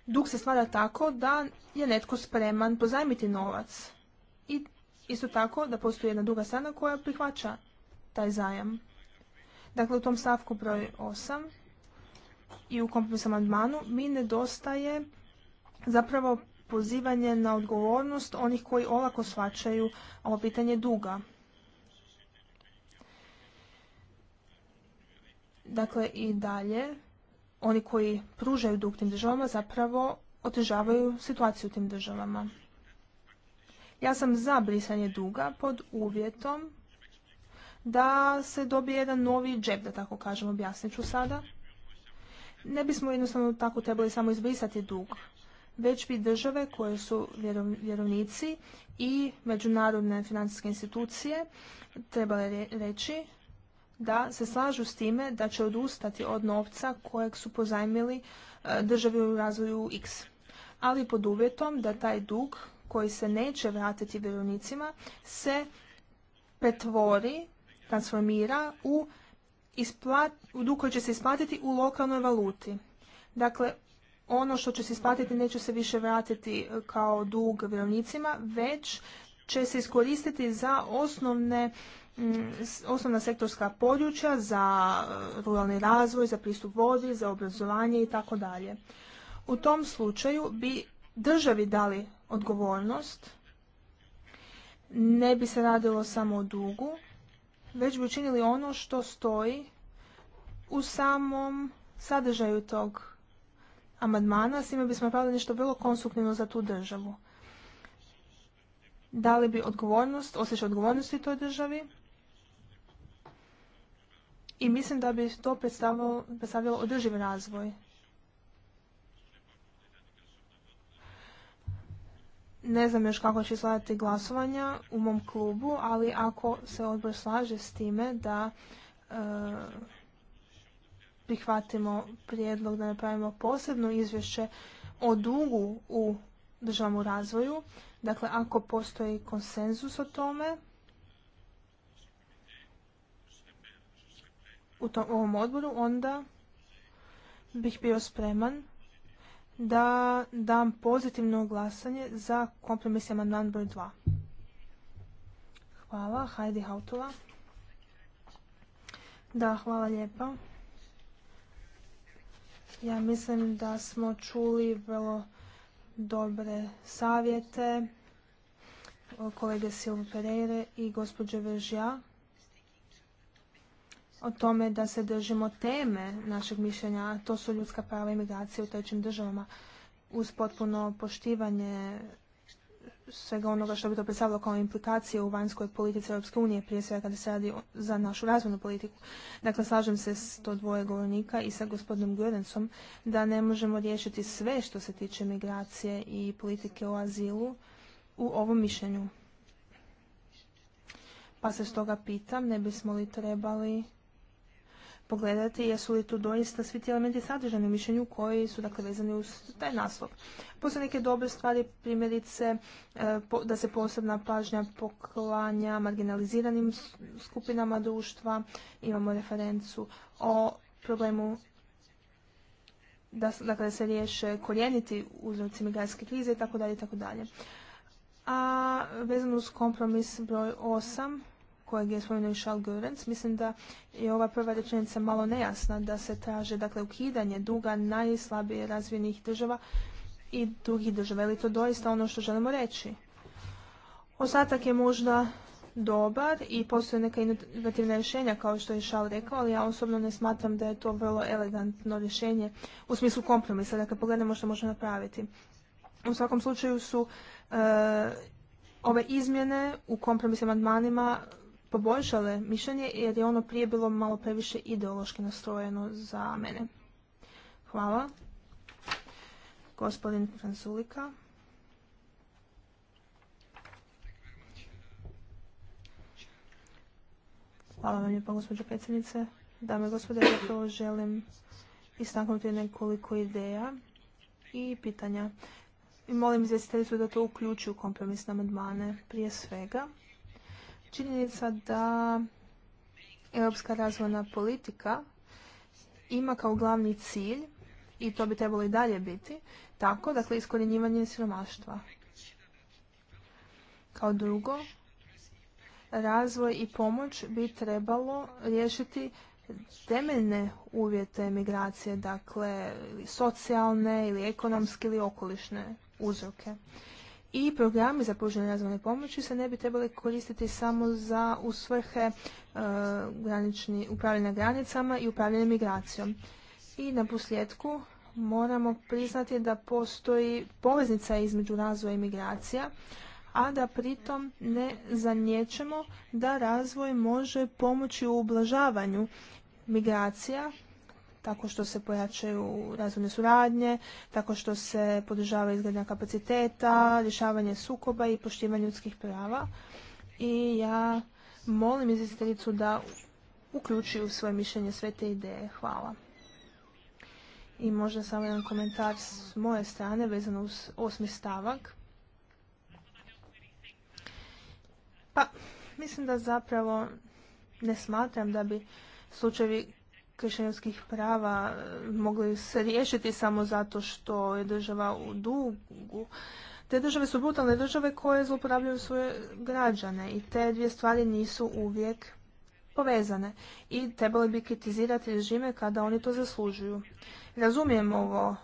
dug se stvara tako da je netko spreman pozajmiti novac. I isto tako da postoji jedna druga strana koja prihvaća taj zajam. Dakle, u tom stavku broj 8 i u kompromisnom amandmanu mi nedostaje zapravo pozivanje na odgovornost onih koji olako svačaju ovo pitanje duga. Dakle, i dalje, oni koji pružaju dug tim državama zapravo otežavaju situaciju tim državama. Ja sam za brisanje duga pod uvjetom da se dobije jedan novi džep, da tako kažem, objasnit ću sada. Ne bismo jednostavno tako trebali samo izbrisati dug, već bi države koje su vjerovnici i međunarodne financijske institucije trebale reći da se slažu s time da će odustati od novca kojeg su pozajmili e, državi u razvoju X. Ali pod uvjetom da taj dug koji se neće vratiti vjerovnicima se pretvori transformira u, isplat, u dug koji će se isplatiti u lokalnoj valuti. Dakle, ono što će se isplatiti neće se više vratiti e, kao dug vjerovnicima, već će se iskoristiti za osnovne mm, osnovna sektorska područja za e, ruralni razvoj, za pristup vodi, za obrazovanje i tako dalje. U tom slučaju bi državi dali odgovornost, ne bi se radilo samo o dugu, već bi učinili ono što stoji u samom sadržaju tog amandmana, s time bismo napravili nešto vrlo konstruktivno za tu državu. Dali bi odgovornost, osjećaj odgovornosti toj državi i mislim da bi to predstavljalo održiv razvoj. Ne znam još kako će izgledati glasovanja u mom klubu, ali ako se odbor slaže s time da e, prihvatimo prijedlog da napravimo posebno izvješće o dugu u državnom razvoju, dakle ako postoji konsenzus o tome, u ovom odboru, onda bih bio spreman da dam pozitivno glasanje za kompromis amandman broj 2. Hvala, Heidi Hautula. Da, hvala lijepa. Ja mislim da smo čuli vrlo dobre savjete kolege Silva Pereire i gospođe Vežja o tome da se držimo teme našeg mišljenja, a to su ljudska prava i migracije u trećim državama, uz potpuno poštivanje svega onoga što bi to predstavilo kao implikacije u vanjskoj politici Europske unije, prije svega kada se radi za našu razvojnu politiku. Dakle, slažem se s to dvoje govornika i sa gospodinom Gurencom da ne možemo riješiti sve što se tiče migracije i politike o azilu u ovom mišljenju. Pa se stoga pitam, ne bismo li trebali pogledati jesu li tu doista svi ti elementi sadržani u mišljenju koji su dakle vezani uz taj naslov. Postoje neke dobre stvari, primjerice e, da se posebna pažnja poklanja marginaliziranim skupinama društva. Imamo referencu o problemu da se riješe korijeniti uzroci migrantske krize i tako tako dalje. A vezano uz kompromis broj osam kojeg je spomenuo i mislim da je ova prva rečenica malo nejasna, da se traže dakle, ukidanje duga najslabije razvijenih država i drugih država. Je li to doista ono što želimo reći? Ostatak je možda dobar i postoje neka inovativna rješenja kao što je Šal rekao, ali ja osobno ne smatram da je to vrlo elegantno rješenje u smislu kompromisa. Dakle, pogledajmo što možemo napraviti. U svakom slučaju su e, ove izmjene u kompromisnim amandmanima poboljšale mišljenje jer je ono prije bilo malo previše ideološki nastrojeno za mene. Hvala. Gospodin Fransulika. Hvala vam lijepa, gospođo predsjednice. Dame i gospode, zapravo želim istaknuti nekoliko ideja i pitanja. I molim izvjestiteljstvo da to uključi u kompromisne amandmane. Prije svega, činjenica da europska razvojna politika ima kao glavni cilj i to bi trebalo i dalje biti tako, dakle iskorjenjivanje siromaštva. Kao drugo, razvoj i pomoć bi trebalo riješiti temeljne uvjete migracije, dakle socijalne ili ekonomske ili okolišne uzroke i programi za pružanje razvojne pomoći se ne bi trebali koristiti samo za u svrhe e, upravljanja granicama i upravljanja migracijom. I na posljedku moramo priznati da postoji poveznica između razvoja i migracija, a da pritom ne zanječemo da razvoj može pomoći u ublažavanju migracija tako što se pojačaju razvojne suradnje, tako što se podržava izgradnja kapaciteta, rješavanje sukoba i poštivanje ljudskih prava. I ja molim izvjestiteljicu da uključi u svoje mišljenje sve te ideje. Hvala. I možda samo jedan komentar s moje strane vezano uz osmi stavak. Pa, mislim da zapravo ne smatram da bi slučajevi kršćanskih prava e, mogli se riješiti samo zato što je država u dugu. Te države su brutalne države koje zlouporabljaju svoje građane i te dvije stvari nisu uvijek povezane i trebali bi kritizirati režime kada oni to zaslužuju. Razumijem ovo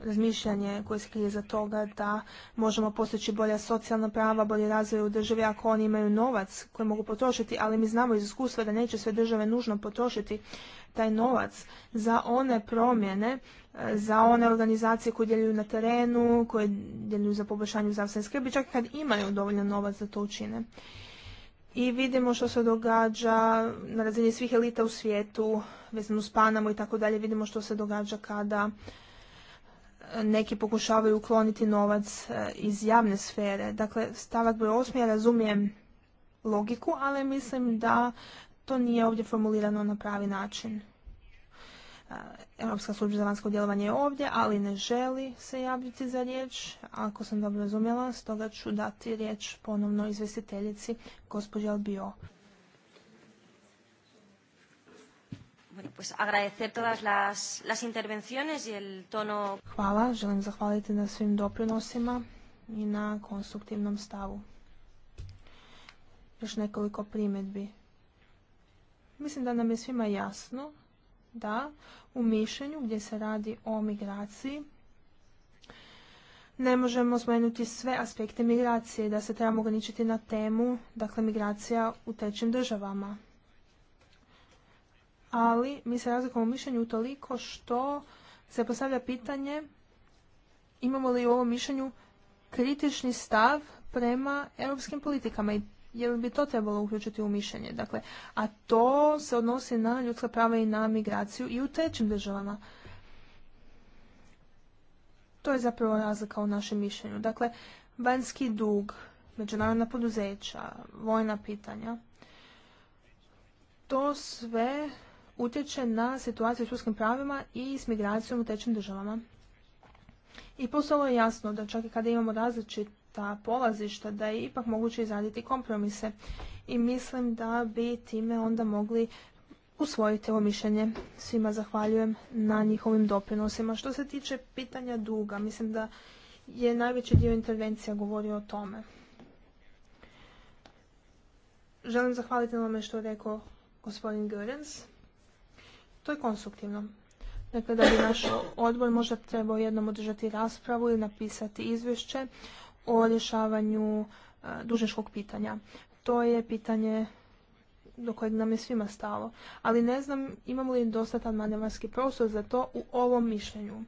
razmišljanje koje se krije za toga da možemo postići bolja socijalna prava, bolji razvoj u državi ako oni imaju novac koji mogu potrošiti, ali mi znamo iz iskustva da neće sve države nužno potrošiti taj novac za one promjene, e, za one organizacije koje djeluju na terenu, koje djeluju za poboljšanje zdravstvene skrbi, čak kad imaju dovoljno novac da to učine. I vidimo što se događa na razini svih elita u svijetu, vezano s panamo i tako dalje, vidimo što se događa kada neki pokušavaju ukloniti novac e, iz javne sfere. Dakle, stavak broj 8. ja razumijem logiku, ali mislim da to nije ovdje formulirano na pravi način. E, Europska služba za vanjsko djelovanje je ovdje, ali ne želi se javiti za riječ. Ako sam dobro razumjela, stoga ću dati riječ ponovno izvjestiteljici gospođi Albio. Hvala, želim zahvaliti na svim doprinosima i na konstruktivnom stavu. Još nekoliko primjedbi. Mislim da nam je svima jasno da u mišljenju gdje se radi o migraciji ne možemo spomenuti sve aspekte migracije, da se trebamo ograničiti na temu, dakle migracija u trećim državama. Ali mi se razlikamo u mišljenju toliko što se postavlja pitanje imamo li u ovom mišljenju kritični stav prema europskim politikama i je li bi to trebalo uključiti u mišljenje. Dakle, a to se odnosi na ljudska prava i na migraciju i u trećim državama. To je zapravo razlika u našem mišljenju. Dakle, vanjski dug, međunarodna poduzeća, vojna pitanja, to sve utječe na situaciju s ljudskim pravima i s migracijom u trećim državama. I postalo je jasno da čak i kada imamo različit ta polazišta, da je ipak moguće izraditi kompromise. I mislim da bi time onda mogli usvojiti ovo mišljenje. Svima zahvaljujem na njihovim doprinosima. Što se tiče pitanja duga, mislim da je najveći dio intervencija govorio o tome. Želim zahvaliti na što je rekao gospodin Görens. To je konstruktivno. Dakle, da bi naš odbor možda trebao jednom održati raspravu ili napisati izvješće o rješavanju e, dužničkog pitanja. To je pitanje do kojeg nam je svima stalo. Ali ne znam imamo li dostatan manevarski prostor za to u ovom mišljenju.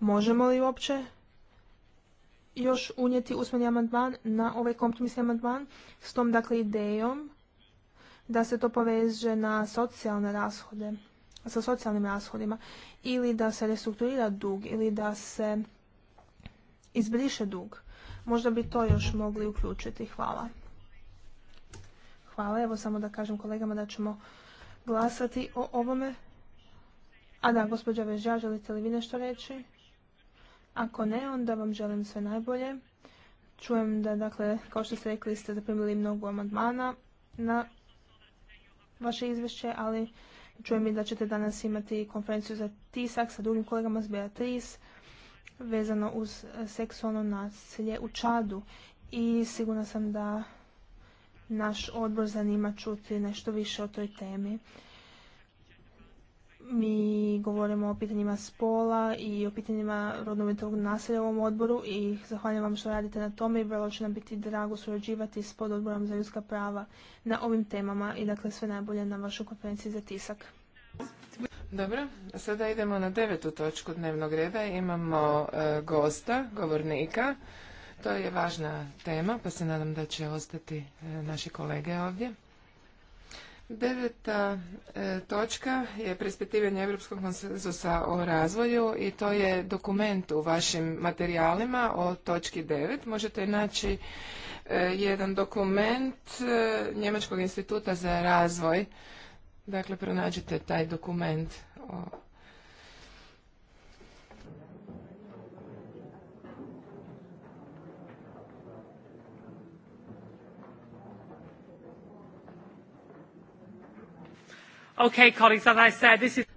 Možemo li uopće još unijeti usmeni amandman na ovaj kompromisni amandman s tom dakle idejom da se to poveže na socijalne rashode, sa socijalnim rashodima ili da se restrukturira dug ili da se izbriše dug. Možda bi to još mogli uključiti. Hvala. Hvala. Evo samo da kažem kolegama da ćemo glasati o ovome. A da, gospođa Vežja, želite li vi nešto reći? Ako ne, onda vam želim sve najbolje. Čujem da, dakle, kao što ste rekli, ste zaprimili mnogo amandmana na vaše izvješće, ali čujem i da ćete danas imati konferenciju za tisak sa drugim kolegama s Beatrice vezano uz seksualno nasilje u Čadu i sigurna sam da naš odbor zanima čuti nešto više o toj temi. Mi govorimo o pitanjima spola i o pitanjima rodnog nasilja u ovom odboru i zahvaljujem vam što radite na tome i vrlo će nam biti drago surađivati s pododborom za ljudska prava na ovim temama i dakle sve najbolje na vašoj konferenciji za tisak. Dobro, sada idemo na devetu točku dnevnog reda. Imamo e, gosta, govornika. To je važna tema, pa se nadam da će ostati e, naši kolege ovdje. Deveta e, točka je perspektivanje Europskog konsenzusa o razvoju i to je dokument u vašim materijalima o točki devet. Možete naći jedan dokument Njemačkog instituta za razvoj Dakle, pronađite taj dokument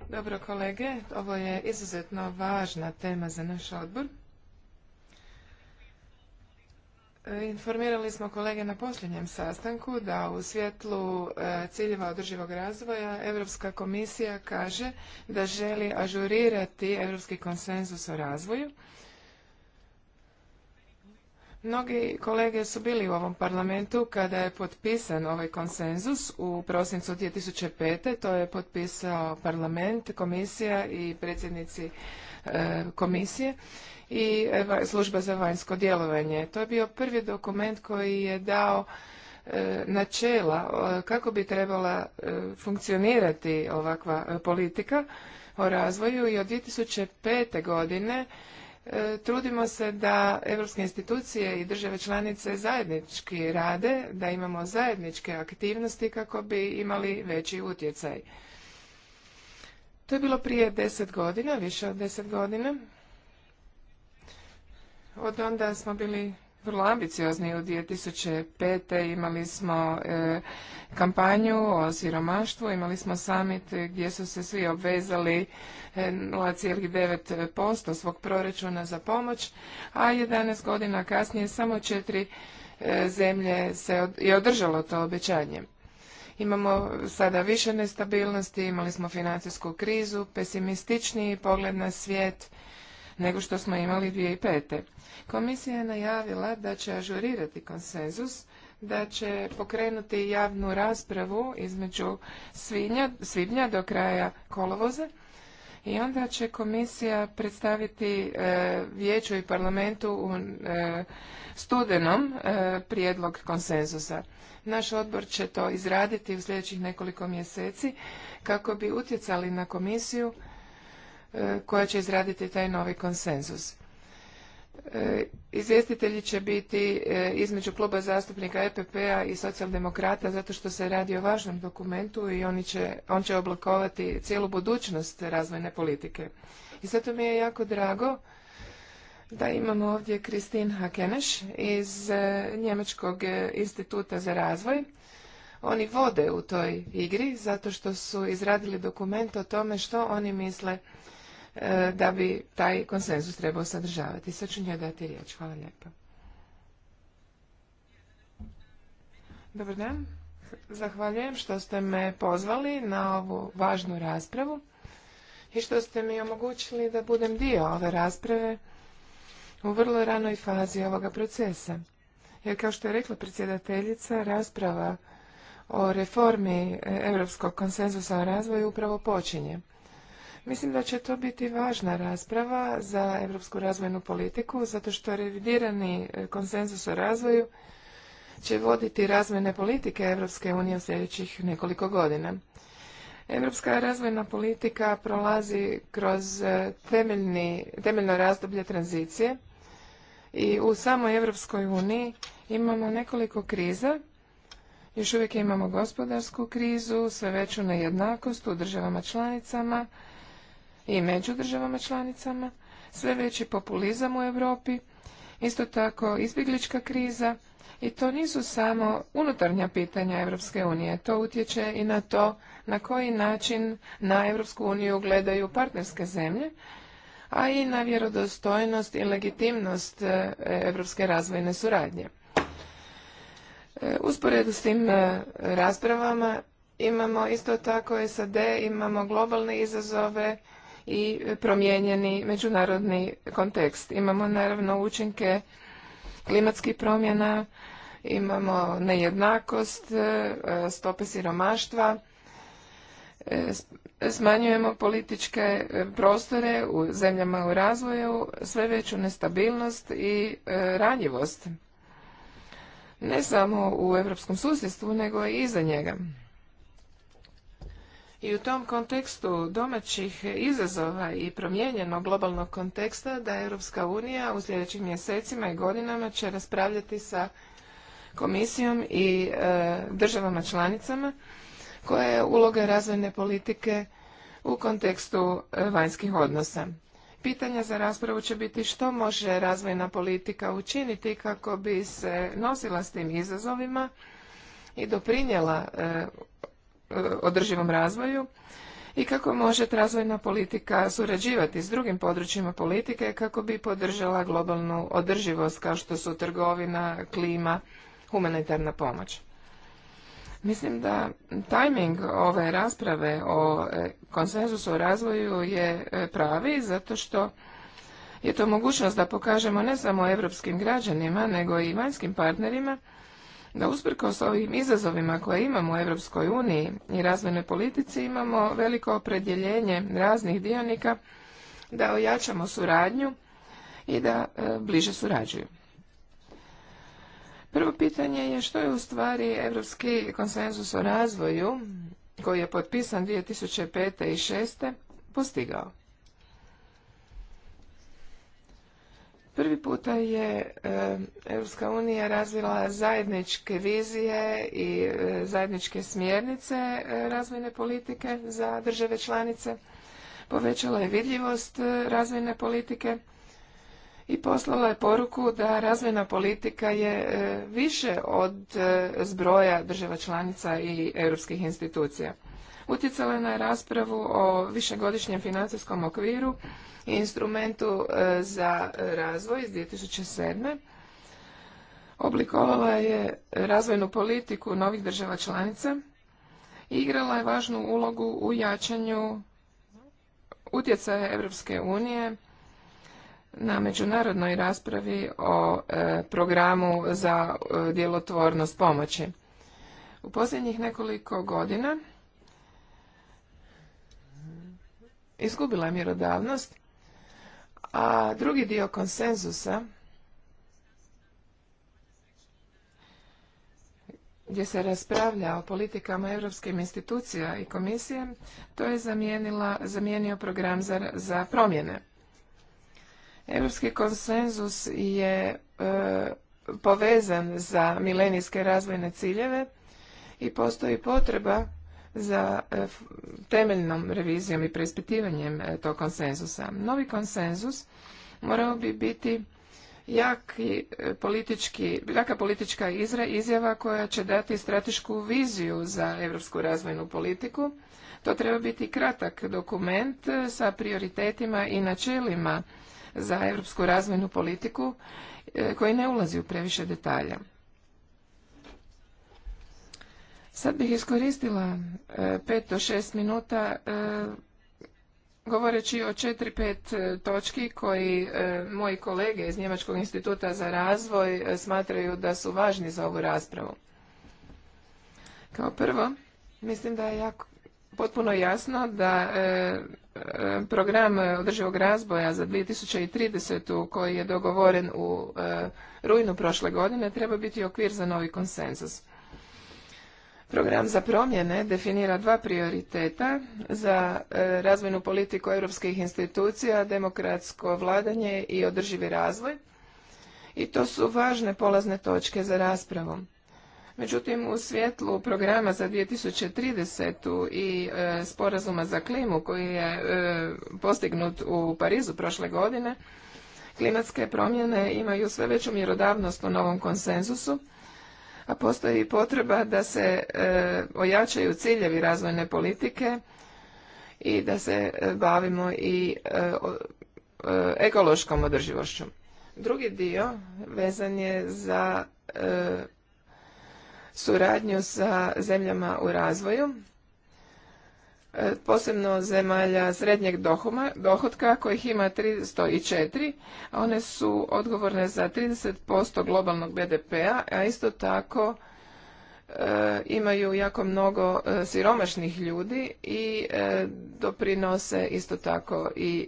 Dobro kolege, ovo je izuzetno važna tema za naš odbor. Informirali smo kolege na posljednjem sastanku da u svjetlu e, ciljeva održivog razvoja Europska komisija kaže da želi ažurirati europski konsenzus o razvoju. Mnogi kolege su bili u ovom parlamentu kada je potpisan ovaj konsenzus u prosincu 2005. To je potpisao parlament, komisija i predsjednici e, komisije i e, služba za vanjsko djelovanje. To je bio prvi dokument koji je dao e, načela e, kako bi trebala funkcionirati ovakva politika o razvoju i od 2005. godine trudimo se da europske institucije i države članice zajednički rade, da imamo zajedničke aktivnosti kako bi imali veći utjecaj. To je bilo prije deset godina, više od deset godina od onda smo bili vrlo ambiciozni. U 2005. imali smo e, kampanju o siromaštvu, imali smo summit gdje su se svi obvezali 0,9% e, svog proračuna za pomoć, a 11 godina kasnije samo četiri e, zemlje se je održalo to obećanje. Imamo sada više nestabilnosti, imali smo financijsku krizu, pesimističniji pogled na svijet, nego što smo imali 2005. Komisija je najavila da će ažurirati konsenzus, da će pokrenuti javnu raspravu između svinja, svibnja do kraja kolovoza i onda će komisija predstaviti e, vijeću i parlamentu u e, studenom e, prijedlog konsenzusa. Naš odbor će to izraditi u sljedećih nekoliko mjeseci kako bi utjecali na komisiju E, koja će izraditi taj novi konsenzus. E, izvjestitelji će biti e, između kluba zastupnika EPP-a i socijaldemokrata zato što se radi o važnom dokumentu i oni će, on će oblikovati cijelu budućnost razvojne politike. I zato mi je jako drago da imamo ovdje Kristin Hakeneš iz Njemačkog instituta za razvoj. Oni vode u toj igri zato što su izradili dokument o tome što oni misle E, da bi taj konsenzus trebao sadržavati. Sad ću njoj dati riječ. Hvala lijepa. Dobar dan. Zahvaljujem što ste me pozvali na ovu važnu raspravu i što ste mi omogućili da budem dio ove rasprave u vrlo ranoj fazi ovoga procesa. Jer kao što je rekla predsjedateljica, rasprava o reformi e, Europskog konsenzusa o razvoju upravo počinje. Mislim da će to biti važna rasprava za europsku razvojnu politiku, zato što revidirani e, konsenzus o razvoju će voditi razvojne politike Europske unije u sljedećih nekoliko godina. Europska razvojna politika prolazi kroz e, temeljni, temeljno razdoblje tranzicije i u samoj Europskoj uniji imamo nekoliko kriza. Još uvijek imamo gospodarsku krizu, sve veću nejednakost u državama članicama, i među državama članicama, sve veći populizam u Europi, isto tako izbjeglička kriza i to nisu samo unutarnja pitanja Europske unije, to utječe i na to na koji način na Europsku uniju gledaju partnerske zemlje, a i na vjerodostojnost i legitimnost e, europske razvojne suradnje. E, Usporedu s tim e, raspravama imamo isto tako SAD, imamo globalne izazove i promijenjeni međunarodni kontekst. Imamo naravno učinke klimatskih promjena, imamo nejednakost, e, stope siromaštva, e, smanjujemo političke prostore u zemljama u razvoju, sve veću nestabilnost i e, ranjivost. Ne samo u europskom susjedstvu, nego i iza njega i u tom kontekstu domaćih izazova i promijenjenog globalnog konteksta da Europska unija u sljedećim mjesecima i godinama će raspravljati sa komisijom i e, državama članicama koje je uloga razvojne politike u kontekstu e, vanjskih odnosa. Pitanja za raspravu će biti što može razvojna politika učiniti kako bi se nosila s tim izazovima i doprinjela e, održivom razvoju i kako može razvojna politika surađivati s drugim područjima politike kako bi podržala globalnu održivost kao što su trgovina, klima, humanitarna pomoć. Mislim da tajming ove rasprave o e, konsenzusu o razvoju je e, pravi zato što je to mogućnost da pokažemo ne samo europskim građanima nego i vanjskim partnerima da usprkos ovim izazovima koje imamo u Europskoj uniji i razvojnoj politici imamo veliko opredjeljenje raznih dionika da ojačamo suradnju i da e, bliže surađuju. Prvo pitanje je što je u stvari Europski konsenzus o razvoju koji je potpisan 2005. i 2006. postigao. Prvi puta je e, Europska unija razvila zajedničke vizije i e, zajedničke smjernice e, razvojne politike za države članice. Povećala je vidljivost razvojne politike i poslala je poruku da razvojna politika je više od zbroja država članica i europskih institucija utjecala je na raspravu o višegodišnjem financijskom okviru i instrumentu e, za razvoj iz 2007. Oblikovala je razvojnu politiku novih država članica i igrala je važnu ulogu u jačanju utjecaja Europske unije na međunarodnoj raspravi o e, programu za e, djelotvornost pomoći. U posljednjih nekoliko godina izgubila mjerodavnost, a drugi dio konsenzusa gdje se raspravlja o politikama europskim institucija i komisije, to je zamijenila, zamijenio program za, za promjene. Europski konsenzus je e, povezan za milenijske razvojne ciljeve i postoji potreba za e, temeljnom revizijom i preispitivanjem e, tog konsenzusa. Novi konsenzus morao bi biti jaki e, politički, jaka politička izjava koja će dati stratešku viziju za europsku razvojnu politiku. To treba biti kratak dokument sa prioritetima i načelima za europsku razvojnu politiku koji ne ulazi u previše detalja. Sad bih iskoristila e, pet do šest minuta e, govoreći o četiri pet e, točki koji moji kolege iz njemačkog instituta za razvoj smatraju da su važni za ovu raspravu kao prvo mislim da je jako potpuno jasno da program održivog razvoja za 2030. koji je dogovoren u rujnu prošle godine treba biti okvir za novi konsenzus Program za promjene definira dva prioriteta za e, razvojnu politiku europskih institucija, demokratsko vladanje i održivi razvoj. I to su važne polazne točke za raspravu. Međutim, u svjetlu programa za 2030. i e, sporazuma za klimu koji je e, postignut u Parizu prošle godine, klimatske promjene imaju sve veću mjerodavnost u novom konsenzusu a postoji i potreba da se e, ojačaju ciljevi razvojne politike i da se e, bavimo i e, ekološkom održivošću. Drugi dio vezan je za suradnju sa zemljama u razvoju posebno zemalja srednjeg dohotka kojih ima 304, a one su odgovorne za 30% globalnog BDP-a, a isto tako e, imaju jako mnogo e, siromašnih ljudi i e, doprinose isto tako i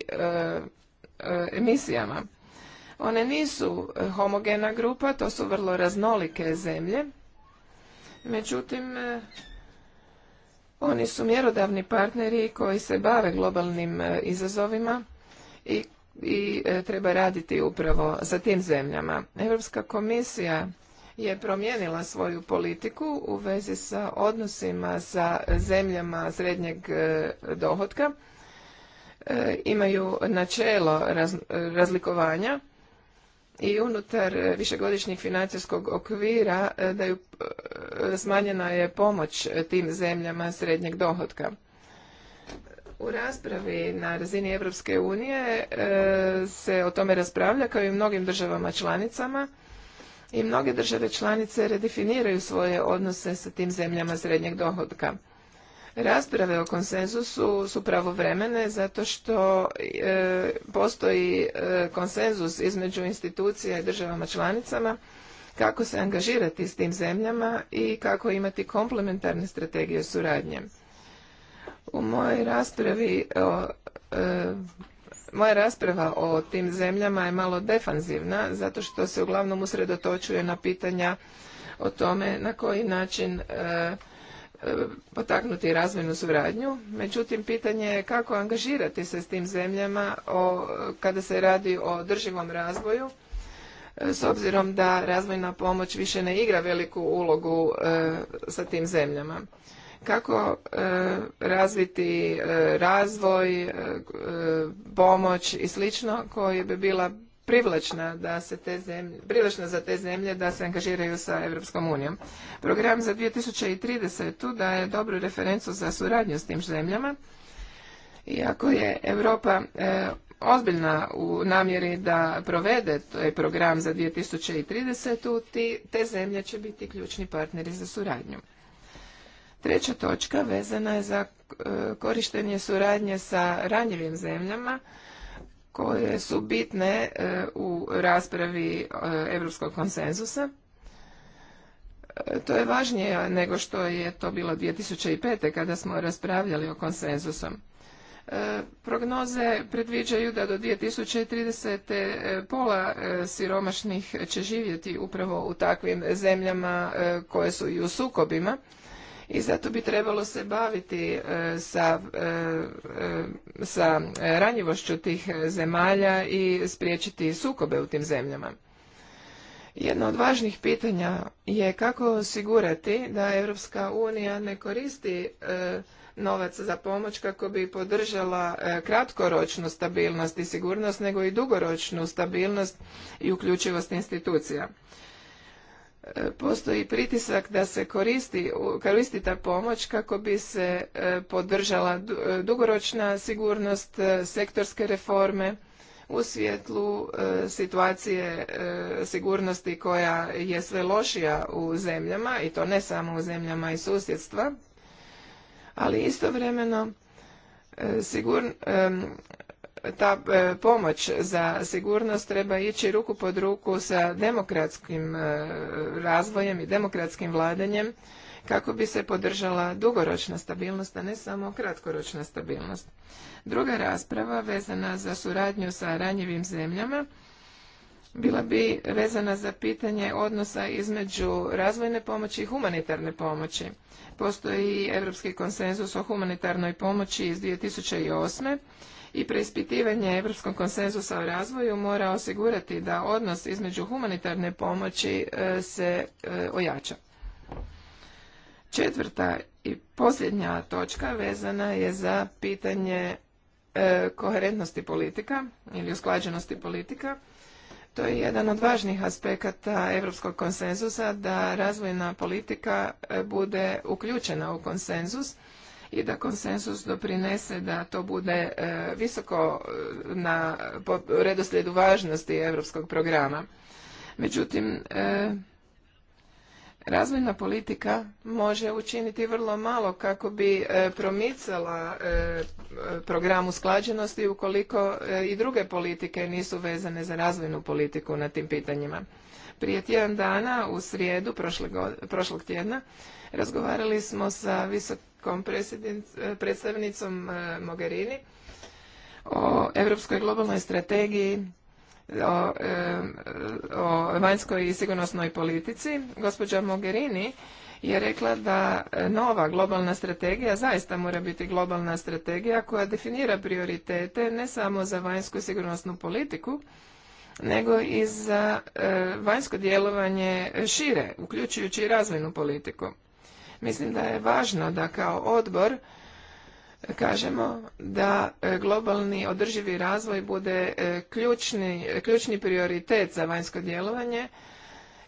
emisijama. One nisu homogena grupa, to su vrlo raznolike zemlje. Međutim, oni su mjerodavni partneri koji se bave globalnim e, izazovima i, i e, treba raditi upravo za tim zemljama. Europska komisija je promijenila svoju politiku u vezi sa odnosima sa zemljama srednjeg e, dohotka. Imaju načelo razlikovanja i unutar višegodišnjeg financijskog okvira e, da e, smanjena je pomoć e, tim zemljama srednjeg dohotka. U raspravi na razini Europske unije se o tome raspravlja kao i u mnogim državama članicama i mnoge države članice redefiniraju svoje odnose sa tim zemljama srednjeg dohotka. Rasprave o konsenzusu su pravovremene zato što e, postoji e, konsenzus između institucija i državama članicama kako se angažirati s tim zemljama i kako imati komplementarne strategije suradnje. U mojoj raspravi o, e, moja rasprava o tim zemljama je malo defanzivna zato što se uglavnom usredotočuje na pitanja o tome na koji način potaknuti razvojnu suradnju. Međutim, pitanje je kako angažirati se s tim zemljama kada se radi o drživom razvoju, e, s obzirom da razvojna pomoć više ne igra veliku ulogu e, sa tim zemljama. Kako e, razviti razvoj, pomoć i slično koje bi bila privlačna da se te zemlje, za te zemlje da se angažiraju sa Europskom unijom. Program za 2030. daje dobru referencu za suradnju s tim zemljama. Iako je Europa e, ozbiljna u namjeri da provede taj program za 2030. Ti, te zemlje će biti ključni partneri za suradnju. Treća točka vezana je za e, korištenje suradnje sa ranjivim zemljama koje su bitne e, u raspravi europskog konsenzusa. E, to je važnije nego što je to bilo 2005. kada smo raspravljali o konsenzusom. E, prognoze predviđaju da do 2030. pola siromašnih će živjeti upravo u takvim zemljama koje su i u sukobima i zato bi trebalo se baviti e, sa, e, e, sa ranjivošću tih zemalja i spriječiti sukobe u tim zemljama. Jedno od važnih pitanja je kako osigurati da Europska unija ne koristi novac za pomoć kako bi podržala kratkoročnu stabilnost i sigurnost, nego i dugoročnu stabilnost i uključivost institucija postoji pritisak da se koristi, koristi ta pomoć kako bi se e, podržala e, dugoročna sigurnost e, sektorske reforme u svjetlu situacije sigurnosti koja je sve lošija u zemljama i to ne samo u zemljama i susjedstva, ali istovremeno ta e, pomoć za sigurnost treba ići ruku pod ruku sa demokratskim e, razvojem i demokratskim vladanjem kako bi se podržala dugoročna stabilnost, a ne samo kratkoročna stabilnost. Druga rasprava vezana za suradnju sa ranjivim zemljama bila bi vezana za pitanje odnosa između razvojne pomoći i humanitarne pomoći. Postoji Europski konsenzus o humanitarnoj pomoći iz 2008 i preispitivanje Europskog konsenzusa o razvoju mora osigurati da odnos između humanitarne pomoći e, se e, ojača. Četvrta i posljednja točka vezana je za pitanje e, koherentnosti politika ili usklađenosti politika. To je jedan od važnih aspekata europskog konsenzusa da razvojna politika bude uključena u konsenzus i da konsensus doprinese da to bude e, visoko e, na redoslijedu važnosti europskog programa. Međutim, e, Razvojna politika može učiniti vrlo malo kako bi promicala program usklađenosti ukoliko i druge politike nisu vezane za razvojnu politiku na tim pitanjima. Prije tjedan dana u srijedu prošlog tjedna razgovarali smo sa visokom predstavnicom e, Mogherini o Europskoj globalnoj strategiji o, e, o vanjskoj i sigurnosnoj politici. Gospođa Mogherini je rekla da nova globalna strategija zaista mora biti globalna strategija koja definira prioritete ne samo za vanjsku i sigurnosnu politiku, nego i za e, vanjsko djelovanje šire, uključujući i razvojnu politiku. Mislim da je važno da kao odbor kažemo da e, globalni održivi razvoj bude e, ključni, ključni prioritet za vanjsko djelovanje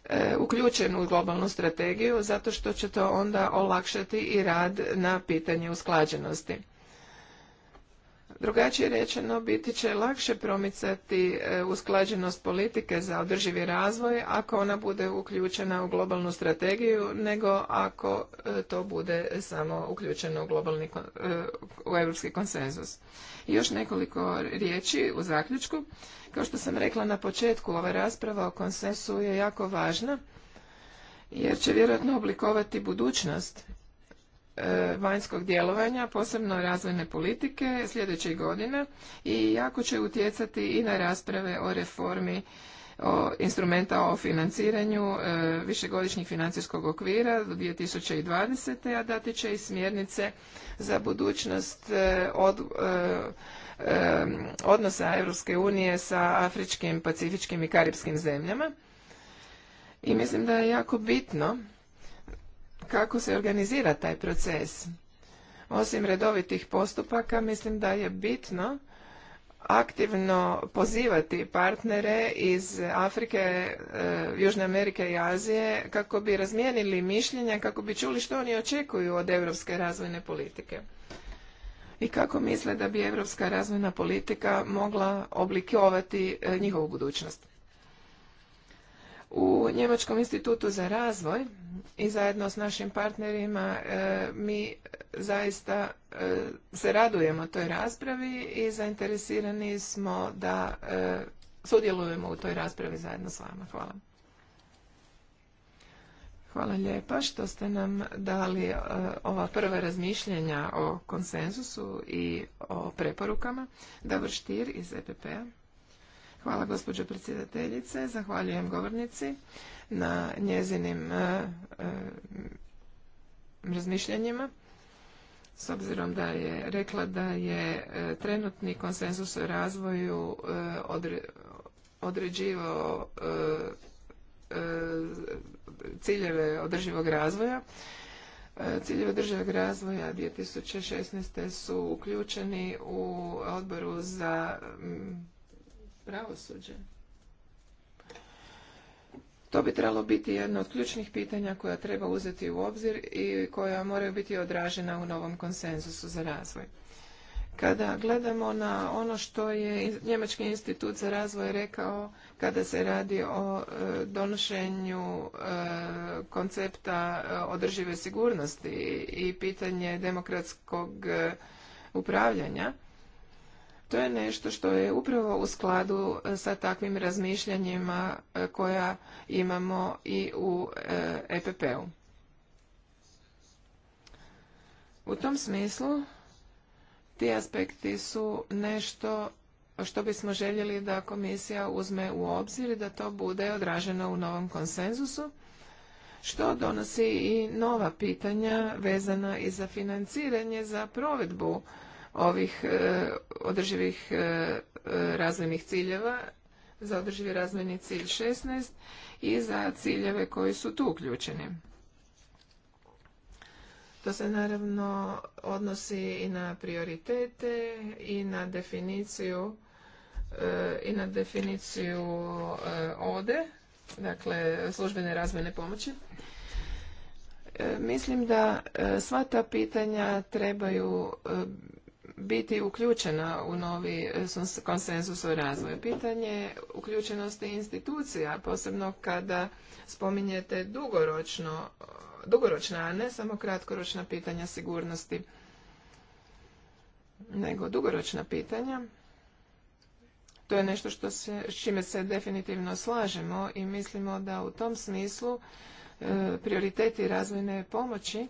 e, uključen u globalnu strategiju zato što će to onda olakšati i rad na pitanje usklađenosti. Drugačije rečeno, biti će lakše promicati e, usklađenost politike za održivi razvoj ako ona bude uključena u globalnu strategiju nego ako e, to bude samo uključeno u, globalni, e, u evropski konsenzus. I još nekoliko riječi u zaključku. Kao što sam rekla na početku, ova rasprava o konsensu je jako važna jer će vjerojatno oblikovati budućnost E, vanjskog djelovanja, posebno razvojne politike sljedećih godina i jako će utjecati i na rasprave o reformi o instrumenta o financiranju e, višegodišnjeg financijskog okvira do 2020. a dati će i smjernice za budućnost e, od, e, odnosa Europske unije sa afričkim, pacifičkim i karibskim zemljama. I mislim da je jako bitno kako se organizira taj proces. Osim redovitih postupaka, mislim da je bitno aktivno pozivati partnere iz Afrike, e, Južne Amerike i Azije kako bi razmijenili mišljenja, kako bi čuli što oni očekuju od europske razvojne politike i kako misle da bi europska razvojna politika mogla oblikovati e, njihovu budućnost. U Njemačkom institutu za razvoj i zajedno s našim partnerima e, mi zaista e, se radujemo toj raspravi i zainteresirani smo da e, sudjelujemo u toj raspravi zajedno s vama. Hvala. Hvala lijepa što ste nam dali ova prva razmišljenja o konsenzusu i o preporukama. Davor Štir iz EPP-a. Hvala gospođo predsjedateljice, zahvaljujem govornici na njezinim e, e, razmišljanjima. S obzirom da je rekla da je e, trenutni konsenzus o razvoju određivao ciljeve održivog razvoja, Ciljeve održivog razvoja 2016. su uključeni u odboru za pravosuđe. To bi trebalo biti jedno od ključnih pitanja koja treba uzeti u obzir i koja moraju biti odražena u novom konsenzusu za razvoj. Kada gledamo na ono što je Njemački institut za razvoj rekao kada se radi o e, donošenju e, koncepta e, održive sigurnosti i pitanje demokratskog upravljanja, to je nešto što je upravo u skladu e, sa takvim razmišljanjima e, koja imamo i u EPP-u. E u tom smislu ti aspekti su nešto što bismo željeli da komisija uzme u obzir i da to bude odraženo u novom konsenzusu, što donosi i nova pitanja vezana i za financiranje za provedbu ovih e, održivih e, razvojnih ciljeva za održivi razvojni cilj 16 i za ciljeve koji su tu uključeni. To se naravno odnosi i na prioritete i na definiciju e, i na definiciju ODE, dakle službene razvojne pomoći. Mislim da sva ta pitanja trebaju biti uključena u novi konsenzus o razvoju. Pitanje uključenosti institucija, posebno kada spominjete dugoročno, dugoročna, a ne samo kratkoročna pitanja sigurnosti, nego dugoročna pitanja. To je nešto što se, s čime se definitivno slažemo i mislimo da u tom smislu e, prioriteti razvojne pomoći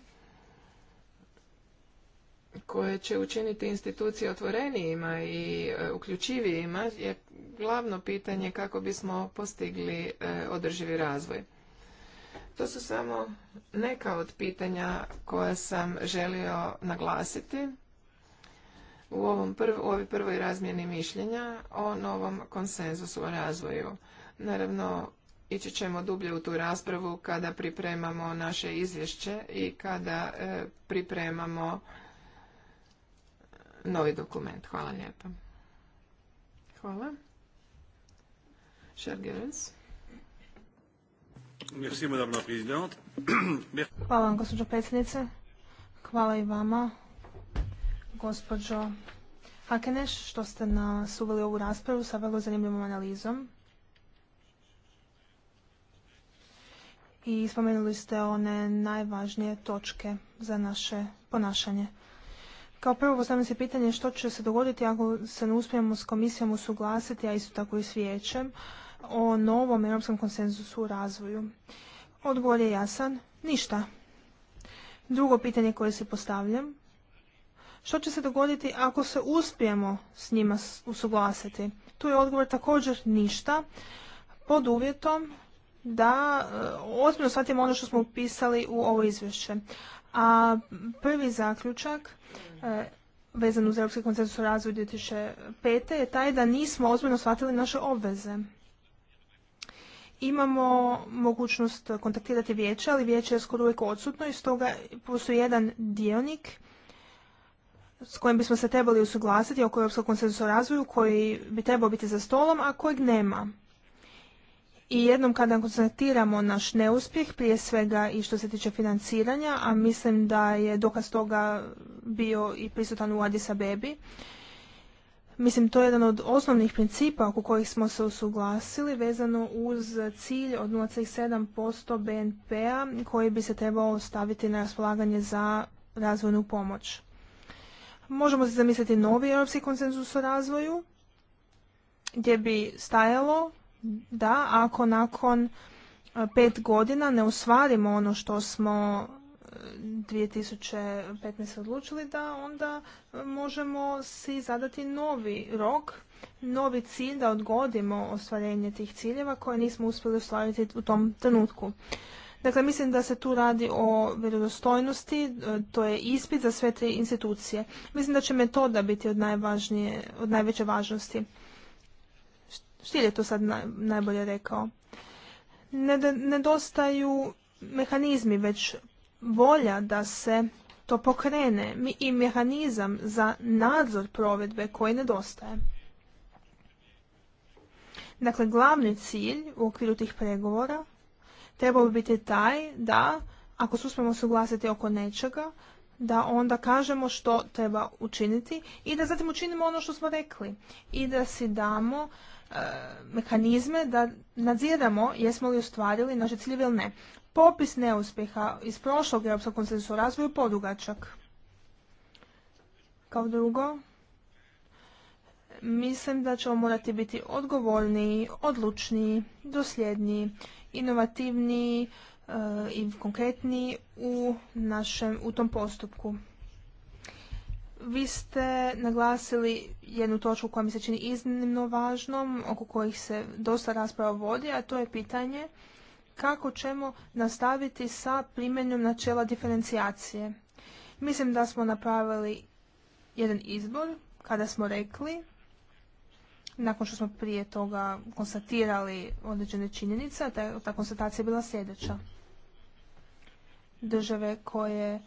koje će učiniti institucije otvorenijima i e, uključivijima je glavno pitanje kako bismo postigli e, održivi razvoj. To su samo neka od pitanja koja sam želio naglasiti u ovoj prvoj razmjeni mišljenja o novom konsenzusu o razvoju. Naravno, ići ćemo dublje u tu raspravu kada pripremamo naše izvješće i kada e, pripremamo novi dokument. Hvala lijepa. Hvala. Hvala vam, gospođo predsjednice. Hvala i vama, gospođo Hakeneš, što ste nas uveli ovu raspravu sa vrlo zanimljivom analizom. I spomenuli ste one najvažnije točke za naše ponašanje. Kao prvo postavljam se pitanje što će se dogoditi ako se ne uspijemo s komisijom usuglasiti, a isto tako i s vijećem, o novom europskom konsenzusu u razvoju. Odgovor je jasan, ništa. Drugo pitanje koje se postavljam, što će se dogoditi ako se uspijemo s njima usuglasiti? Tu je odgovor također ništa, pod uvjetom da e, ozbiljno shvatimo ono što smo upisali u ovo izvješće. A prvi zaključak e, vezan uz Europski konsensus o razvoju 2005. je taj da nismo ozbiljno shvatili naše obveze. Imamo mogućnost kontaktirati vijeće, ali vijeće je skoro uvijek odsutno i stoga postoji jedan dionik s kojim bismo se trebali usuglasiti oko Europskog konsensusa o razvoju koji bi trebao biti za stolom, a kojeg nema. I jednom kada konstatiramo naš neuspjeh, prije svega i što se tiče financiranja, a mislim da je dokaz toga bio i prisutan u Addis Abebi, Mislim, to je jedan od osnovnih principa oko kojih smo se usuglasili vezano uz cilj od 0,7% BNP-a koji bi se trebao staviti na raspolaganje za razvojnu pomoć. Možemo se zamisliti novi europski konsenzus o razvoju gdje bi stajalo da ako nakon pet godina ne usvarimo ono što smo 2015. E, odlučili da onda e, možemo si zadati novi rok, novi cilj da odgodimo ostvarenje tih ciljeva koje nismo uspjeli ostvariti u tom trenutku. Dakle, mislim da se tu radi o vjerodostojnosti, e, to je ispit za sve tri institucije. Mislim da će metoda biti od, najvažnije, od najveće važnosti. Štijel je to sad najbolje rekao. Nedostaju mehanizmi, već volja da se to pokrene i mehanizam za nadzor provedbe koji nedostaje. Dakle, glavni cilj u okviru tih pregovora trebao bi biti taj da, ako se uspemo suglasiti oko nečega, da onda kažemo što treba učiniti i da zatim učinimo ono što smo rekli i da si damo E, mehanizme da nadziramo jesmo li ostvarili naše ciljeve ili ne. Popis neuspjeha iz prošlog Europskog konsensusa o razvoju podugačak. Kao drugo, mislim da ćemo morati biti odgovorniji, odlučniji, dosljedniji, inovativniji e, i konkretniji u, našem, u tom postupku. Vi ste naglasili jednu točku koja mi se čini iznimno važnom, oko kojih se dosta rasprava vodi, a to je pitanje kako ćemo nastaviti sa primjenom načela diferencijacije. Mislim da smo napravili jedan izbor kada smo rekli, nakon što smo prije toga konstatirali određene činjenice, a ta konstatacija je bila sljedeća. Države koje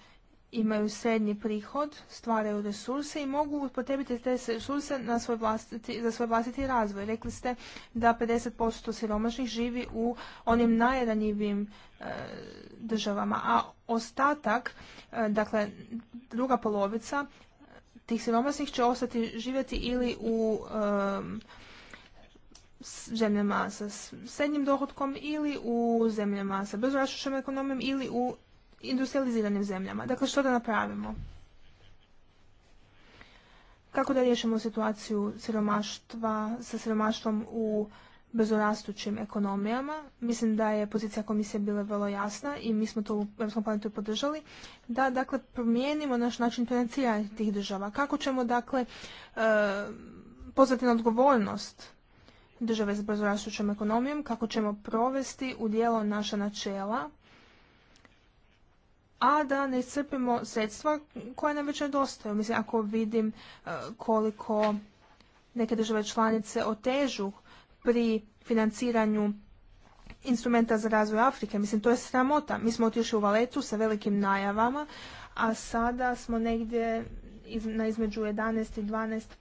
imaju srednji prihod, stvaraju resurse i mogu upotrebiti te resurse na svoj vlastiti, za svoj vlastiti razvoj. Rekli ste da 50% siromašnih živi u onim najranjivijim e, državama, a ostatak, e, dakle druga polovica e, tih siromašnih će ostati živjeti ili u e, zemljama sa srednjim dohodkom ili u zemljama sa brzorašušom ekonomijom ili u industrializiranim zemljama. Dakle, što da napravimo? Kako da riješimo situaciju siromaštva sa siromaštvom u brzorastućim ekonomijama. Mislim da je pozicija komisije bila vrlo jasna i mi smo to u Europskom parlamentu podržali, da dakle promijenimo naš način financiranja tih država. Kako ćemo dakle e, pozvati na odgovornost države s brzorastućom ekonomijom, kako ćemo provesti u dijelo naša načela a da ne iscrpimo sredstva koja nam već nedostaju. Mislim, ako vidim e, koliko neke države članice otežu pri financiranju instrumenta za razvoj Afrike. Mislim, to je sramota. Mi smo otišli u Valetu sa velikim najavama, a sada smo negdje na između 11 i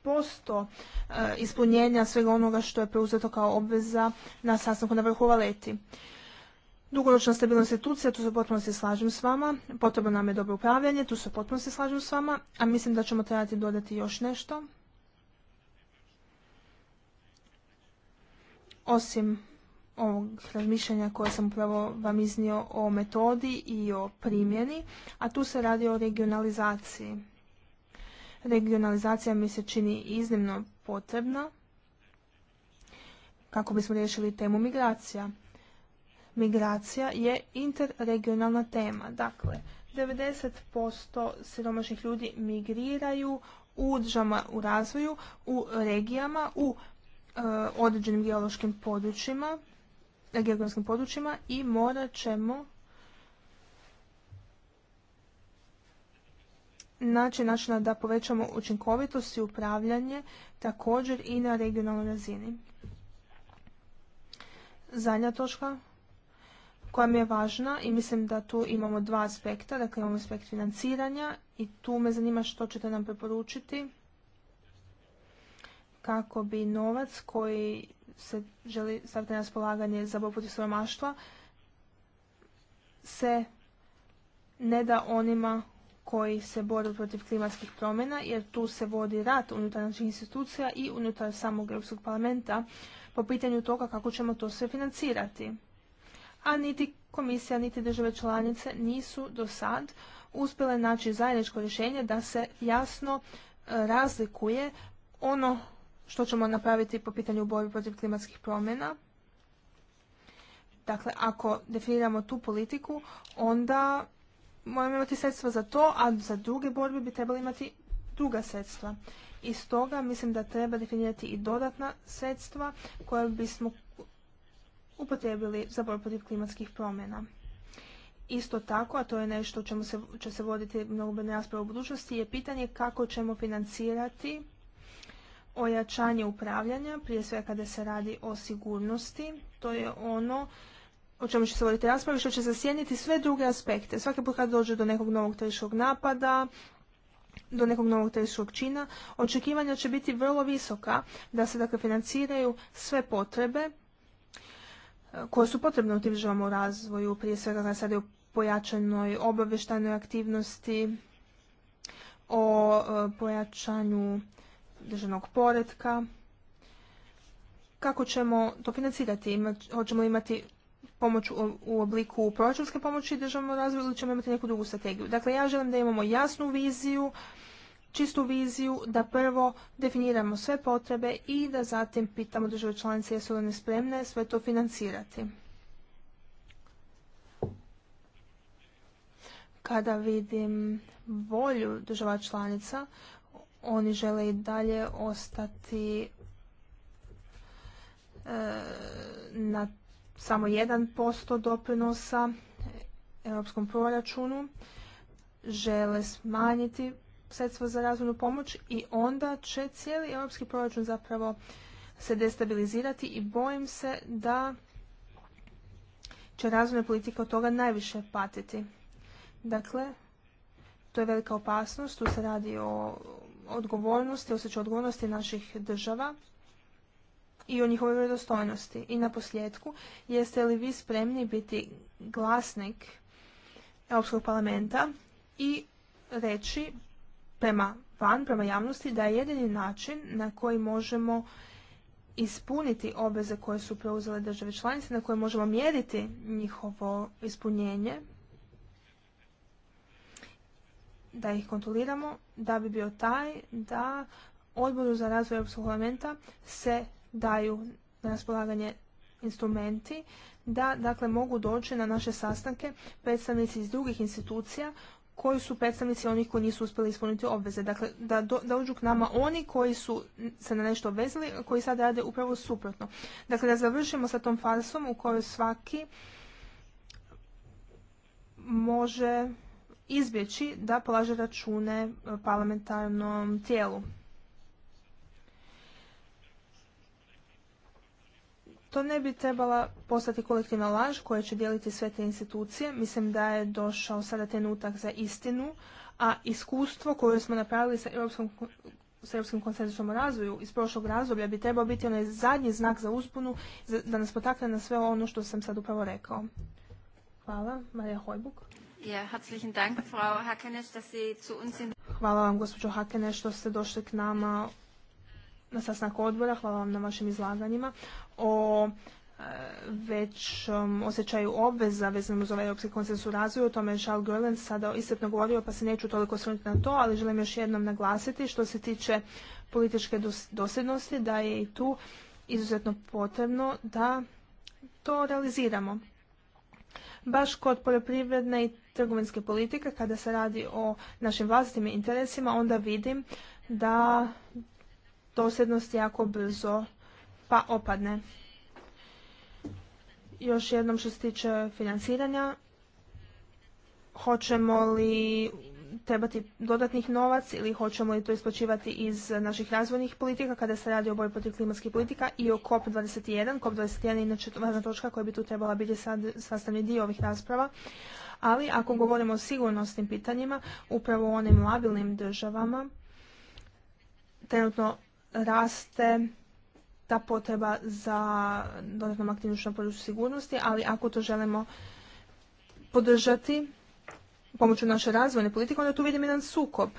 12% e, ispunjenja svega onoga što je preuzeto kao obveza na sastanku na vrhu Valeti. Dugoročna stabilna institucija, tu se potpuno se slažem s vama. Potrebno nam je dobro upravljanje, tu se potpuno se slažem s vama, a mislim da ćemo trebati dodati još nešto. Osim ovog razmišljanja koje sam upravo vam iznio o metodi i o primjeni, a tu se radi o regionalizaciji. Regionalizacija mi se čini iznimno potrebna kako bismo riješili temu migracija migracija je interregionalna tema. Dakle, 90% siromašnih ljudi migriraju u državama u razvoju, u regijama, u e, određenim geološkim područjima, geografskim područjima i morat ćemo naći načina da povećamo učinkovitost i upravljanje također i na regionalnoj razini. Zadnja točka koja mi je važna i mislim da tu imamo dva aspekta, dakle imamo aspekt financiranja i tu me zanima što ćete nam preporučiti kako bi novac koji se želi staviti na raspolaganje za borbu siromaštva se ne da onima koji se bore protiv klimatskih promjena, jer tu se vodi rat unutar naših institucija i unutar samog Europskog parlamenta po pitanju toga kako ćemo to sve financirati a niti komisija niti države članice nisu do sad uspjele naći zajedničko rješenje da se jasno e, razlikuje ono što ćemo napraviti po pitanju borbe protiv klimatskih promjena. Dakle, ako definiramo tu politiku, onda moramo imati sredstva za to, a za druge borbe bi trebali imati druga sredstva. I stoga mislim da treba definirati i dodatna sredstva koja bismo upotrebili za borbu protiv klimatskih promjena. Isto tako, a to je nešto o čemu se, će se voditi mnogobrojne rasprave u budućnosti, je pitanje kako ćemo financirati ojačanje upravljanja, prije svega kada se radi o sigurnosti. To je ono o čemu će se voditi rasprave, što će zasjeniti sve druge aspekte. Svaki put kad dođe do nekog novog teškog napada, do nekog novog teškog čina, očekivanja će biti vrlo visoka da se dakle financiraju sve potrebe koje su potrebne u tim državama razvoju, prije svega kada sad je o pojačanoj obavještajnoj aktivnosti, o e, pojačanju državnog poredka. Kako ćemo to financirati? Hoćemo imati pomoć u obliku proračunske pomoći državnom razvoju ili ćemo imati neku drugu strategiju. Dakle, ja želim da imamo jasnu viziju čistu viziju da prvo definiramo sve potrebe i da zatim pitamo države članice jesu li one spremne sve to financirati. Kada vidim volju država članica, oni žele i dalje ostati e, na samo 1% doprinosa europskom proračunu, žele smanjiti sredstva za razvojnu pomoć i onda će cijeli europski proračun zapravo se destabilizirati i bojim se da će razvojna politika od toga najviše patiti. Dakle, to je velika opasnost, tu se radi o odgovornosti, osjećaju odgovornosti naših država i o njihovoj vredostojnosti. I na posljedku, jeste li vi spremni biti glasnik Europskog parlamenta i reći prema van, prema javnosti, da je jedini način na koji možemo ispuniti obveze koje su preuzele države članice, na koje možemo mjeriti njihovo ispunjenje, da ih kontroliramo, da bi bio taj da odboru za razvoj Europskog parlamenta se daju na raspolaganje instrumenti da dakle mogu doći na naše sastanke predstavnici iz drugih institucija koji su predstavnici onih koji nisu uspjeli ispuniti obveze. Dakle, da uđu k nama oni koji su se na nešto obvezali, koji sad rade upravo suprotno. Dakle, da završimo sa tom farsom u kojoj svaki može izbjeći da polaže račune e, parlamentarnom tijelu. To ne bi trebala postati kolektivna laž koja će dijeliti sve te institucije. Mislim da je došao sada trenutak za istinu, a iskustvo koje smo napravili sa Europskom s Europskim konsenzusom o razvoju iz prošlog razdoblja bi trebao biti onaj zadnji znak za usponu da nas potakne na sve ono što sam sad upravo rekao. Hvala. Marija Hojbuk. Hvala vam, gospođo Hakene, što ste došli k nama na sastanku odbora, hvala vam na vašim izlaganjima, o e, već um, osjećaju obveza vezano uz ovaj europski konsensus u razvoju. O tome je Charles Gerland sada iscrpno govorio, pa se neću toliko osvrnuti na to, ali želim još jednom naglasiti što se tiče političke dosjednosti dosljednosti, da je i tu izuzetno potrebno da to realiziramo. Baš kod poljoprivredne i trgovinske politike, kada se radi o našim vlastitim interesima, onda vidim da dosljednost jako brzo pa opadne. Još jednom što se tiče financiranja, hoćemo li trebati dodatnih novac ili hoćemo li to isplaćivati iz naših razvojnih politika kada se radi o borbi protiv klimatskih politika i o COP21. COP21 je inače važna točka koja bi tu trebala biti sad, sastavni dio ovih rasprava. Ali ako govorimo o sigurnosnim pitanjima, upravo o onim labilnim državama, trenutno raste ta potreba za dodatnom aktivnošću na području sigurnosti, ali ako to želimo podržati pomoću naše razvojne politike, onda tu vidim jedan sukob.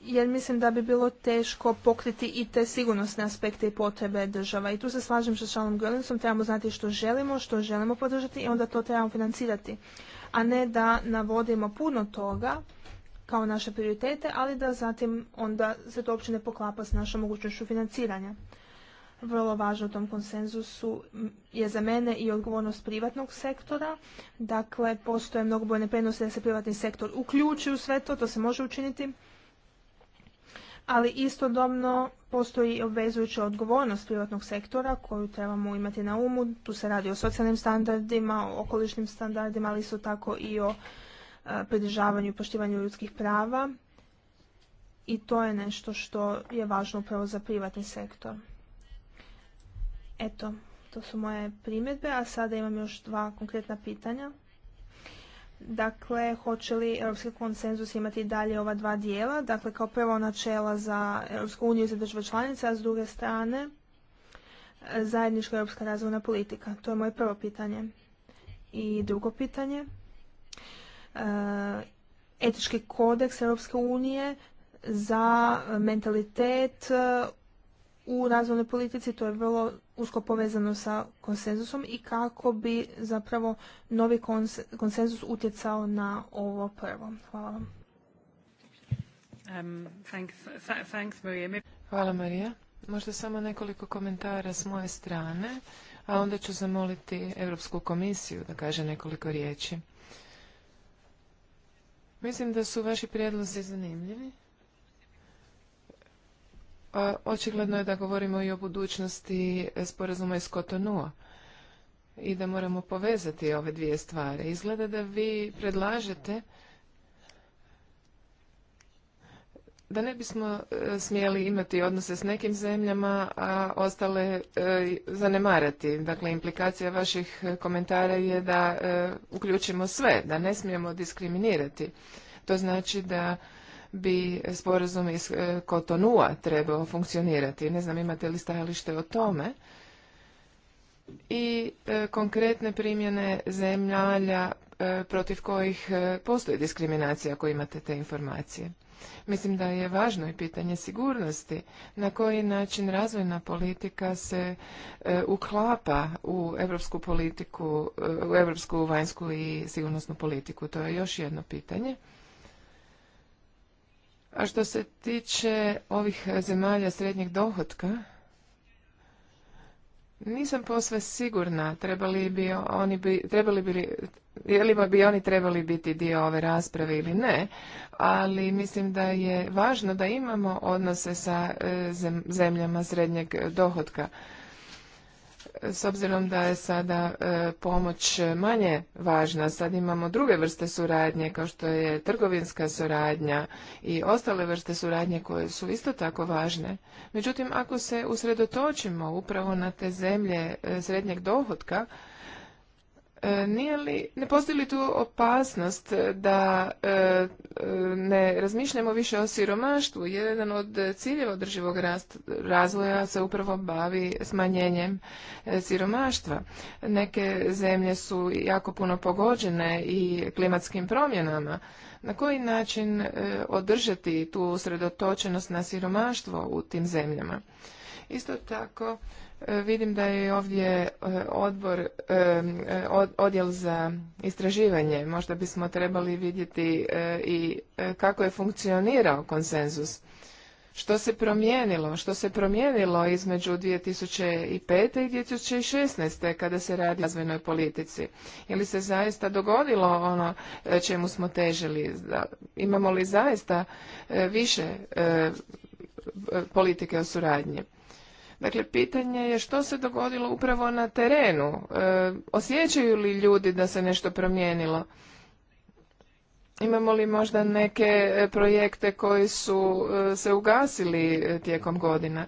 Jer mislim da bi bilo teško pokriti i te sigurnosne aspekte i potrebe država. I tu se slažem sa Šalom Gölinsom, trebamo znati što želimo, što želimo podržati i onda to trebamo financirati. A ne da navodimo puno toga, kao naše prioritete, ali da zatim onda se to uopće ne poklapa s našom mogućnošću financiranja. Vrlo važno u tom konsenzusu je za mene i odgovornost privatnog sektora. Dakle, postoje mnogobrojne prednosti da se privatni sektor uključi u sve to, to se može učiniti. Ali istodobno postoji obvezujuća odgovornost privatnog sektora koju trebamo imati na umu. Tu se radi o socijalnim standardima, o okolišnim standardima, ali isto tako i o pridržavanju i poštivanju ljudskih prava i to je nešto što je važno upravo za privatni sektor. Eto, to su moje primjedbe, a sada imam još dva konkretna pitanja. Dakle, hoće li europski konsenzus imati dalje ova dva dijela? Dakle, kao prvo načela za Europsku uniju i za države članice, a s druge strane zajednička europska razvojna politika. To je moje prvo pitanje. I drugo pitanje Eh, etički kodeks Europske unije za mentalitet eh, u razvojnoj politici, to je vrlo usko povezano sa konsenzusom i kako bi zapravo novi konsenzus utjecao na ovo prvo. Hvala vam. Um, Hvala Marija. Možda samo nekoliko komentara s moje strane, a onda ću zamoliti Europsku komisiju da kaže nekoliko riječi. Mislim da su vaši prijedlozi zanimljivi. Očigledno je da govorimo i o budućnosti sporazuma iz Kotonua i da moramo povezati ove dvije stvari. Izgleda da vi predlažete da ne bismo e, smjeli imati odnose s nekim zemljama, a ostale e, zanemarati. Dakle, implikacija vaših komentara je da e, uključimo sve, da ne smijemo diskriminirati. To znači da bi sporazum iz Kotonua trebao funkcionirati. Ne znam imate li stajalište o tome. I konkretne primjene zemalja protiv kojih postoji diskriminacija ako imate te informacije. Mislim da je važno i pitanje sigurnosti, na koji način razvojna politika se e, uklapa u europsku politiku, e, u europsku vanjsku i sigurnosnu politiku. To je još jedno pitanje. A što se tiče ovih zemalja srednjeg dohotka, nisam posve sigurna, trebali bi oni bi, trebali bi, je bi oni trebali biti dio ove rasprave ili ne, ali mislim da je važno da imamo odnose sa e, zemljama srednjeg dohotka s obzirom da je sada e, pomoć manje važna, sad imamo druge vrste suradnje kao što je trgovinska suradnja i ostale vrste suradnje koje su isto tako važne. Međutim, ako se usredotočimo upravo na te zemlje e, srednjeg dohotka, E, nije li, ne postoji li tu opasnost da e, ne razmišljamo više o siromaštvu? Jedan od ciljeva održivog razvoja se upravo bavi smanjenjem e, siromaštva. Neke zemlje su jako puno pogođene i klimatskim promjenama. Na koji način održati tu sredotočenost na siromaštvo u tim zemljama? Isto tako, Vidim da je ovdje e, odbor, e, e, odjel za istraživanje. Možda bismo trebali vidjeti i kako je funkcionirao konsenzus. Što se promijenilo? Što se promijenilo između 2005. i 2016. kada se radi o razvojnoj politici? Ili se zaista dogodilo ono čemu smo težili? Imamo li zaista više politike o suradnji? Dakle, pitanje je što se dogodilo upravo na terenu. E, osjećaju li ljudi da se nešto promijenilo? Imamo li možda neke e, projekte koji su e, se ugasili tijekom godina?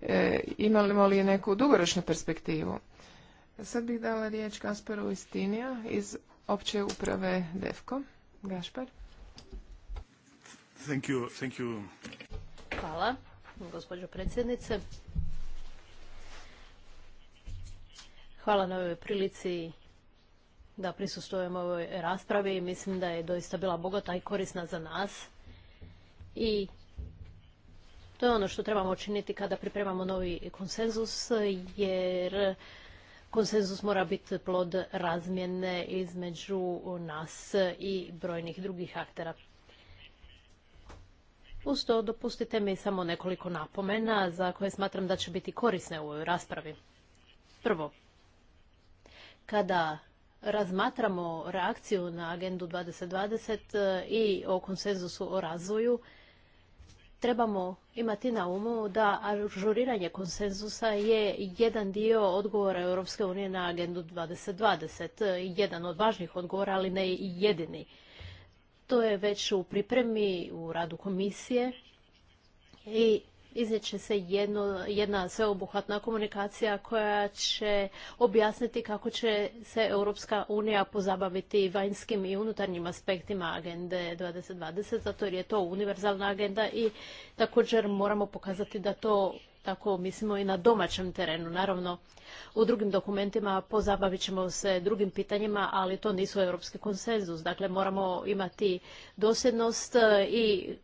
E, imamo li neku dugoročnu perspektivu? Sad bih dala riječ Kasparu Istinija iz opće uprave DEFKO. Gašpar. Thank you, thank you. Hvala, gospođo predsjednice. Hvala na ovoj prilici da prisustujemo ovoj raspravi. Mislim da je doista bila bogata i korisna za nas. I to je ono što trebamo činiti kada pripremamo novi konsenzus, jer konsenzus mora biti plod razmjene između nas i brojnih drugih aktera. Uz to dopustite mi samo nekoliko napomena za koje smatram da će biti korisne u ovoj raspravi. Prvo, kada razmatramo reakciju na agendu 2020 e, i o konsenzusu o razvoju, trebamo imati na umu da ažuriranje konsenzusa je jedan dio odgovora Europske unije na agendu 2020, e, jedan od važnijih odgovora, ali ne i jedini. To je već u pripremi, u radu komisije i će se jedna sveobuhvatna komunikacija koja će objasniti kako će se Europska unija pozabaviti vanjskim i unutarnjim aspektima agende 2020, zato jer je to univerzalna agenda i također moramo pokazati da to tako mislimo i na domaćem terenu. Naravno, u drugim dokumentima pozabavit ćemo se drugim pitanjima, ali to nisu europski konsenzus. Dakle, moramo imati dosjednost i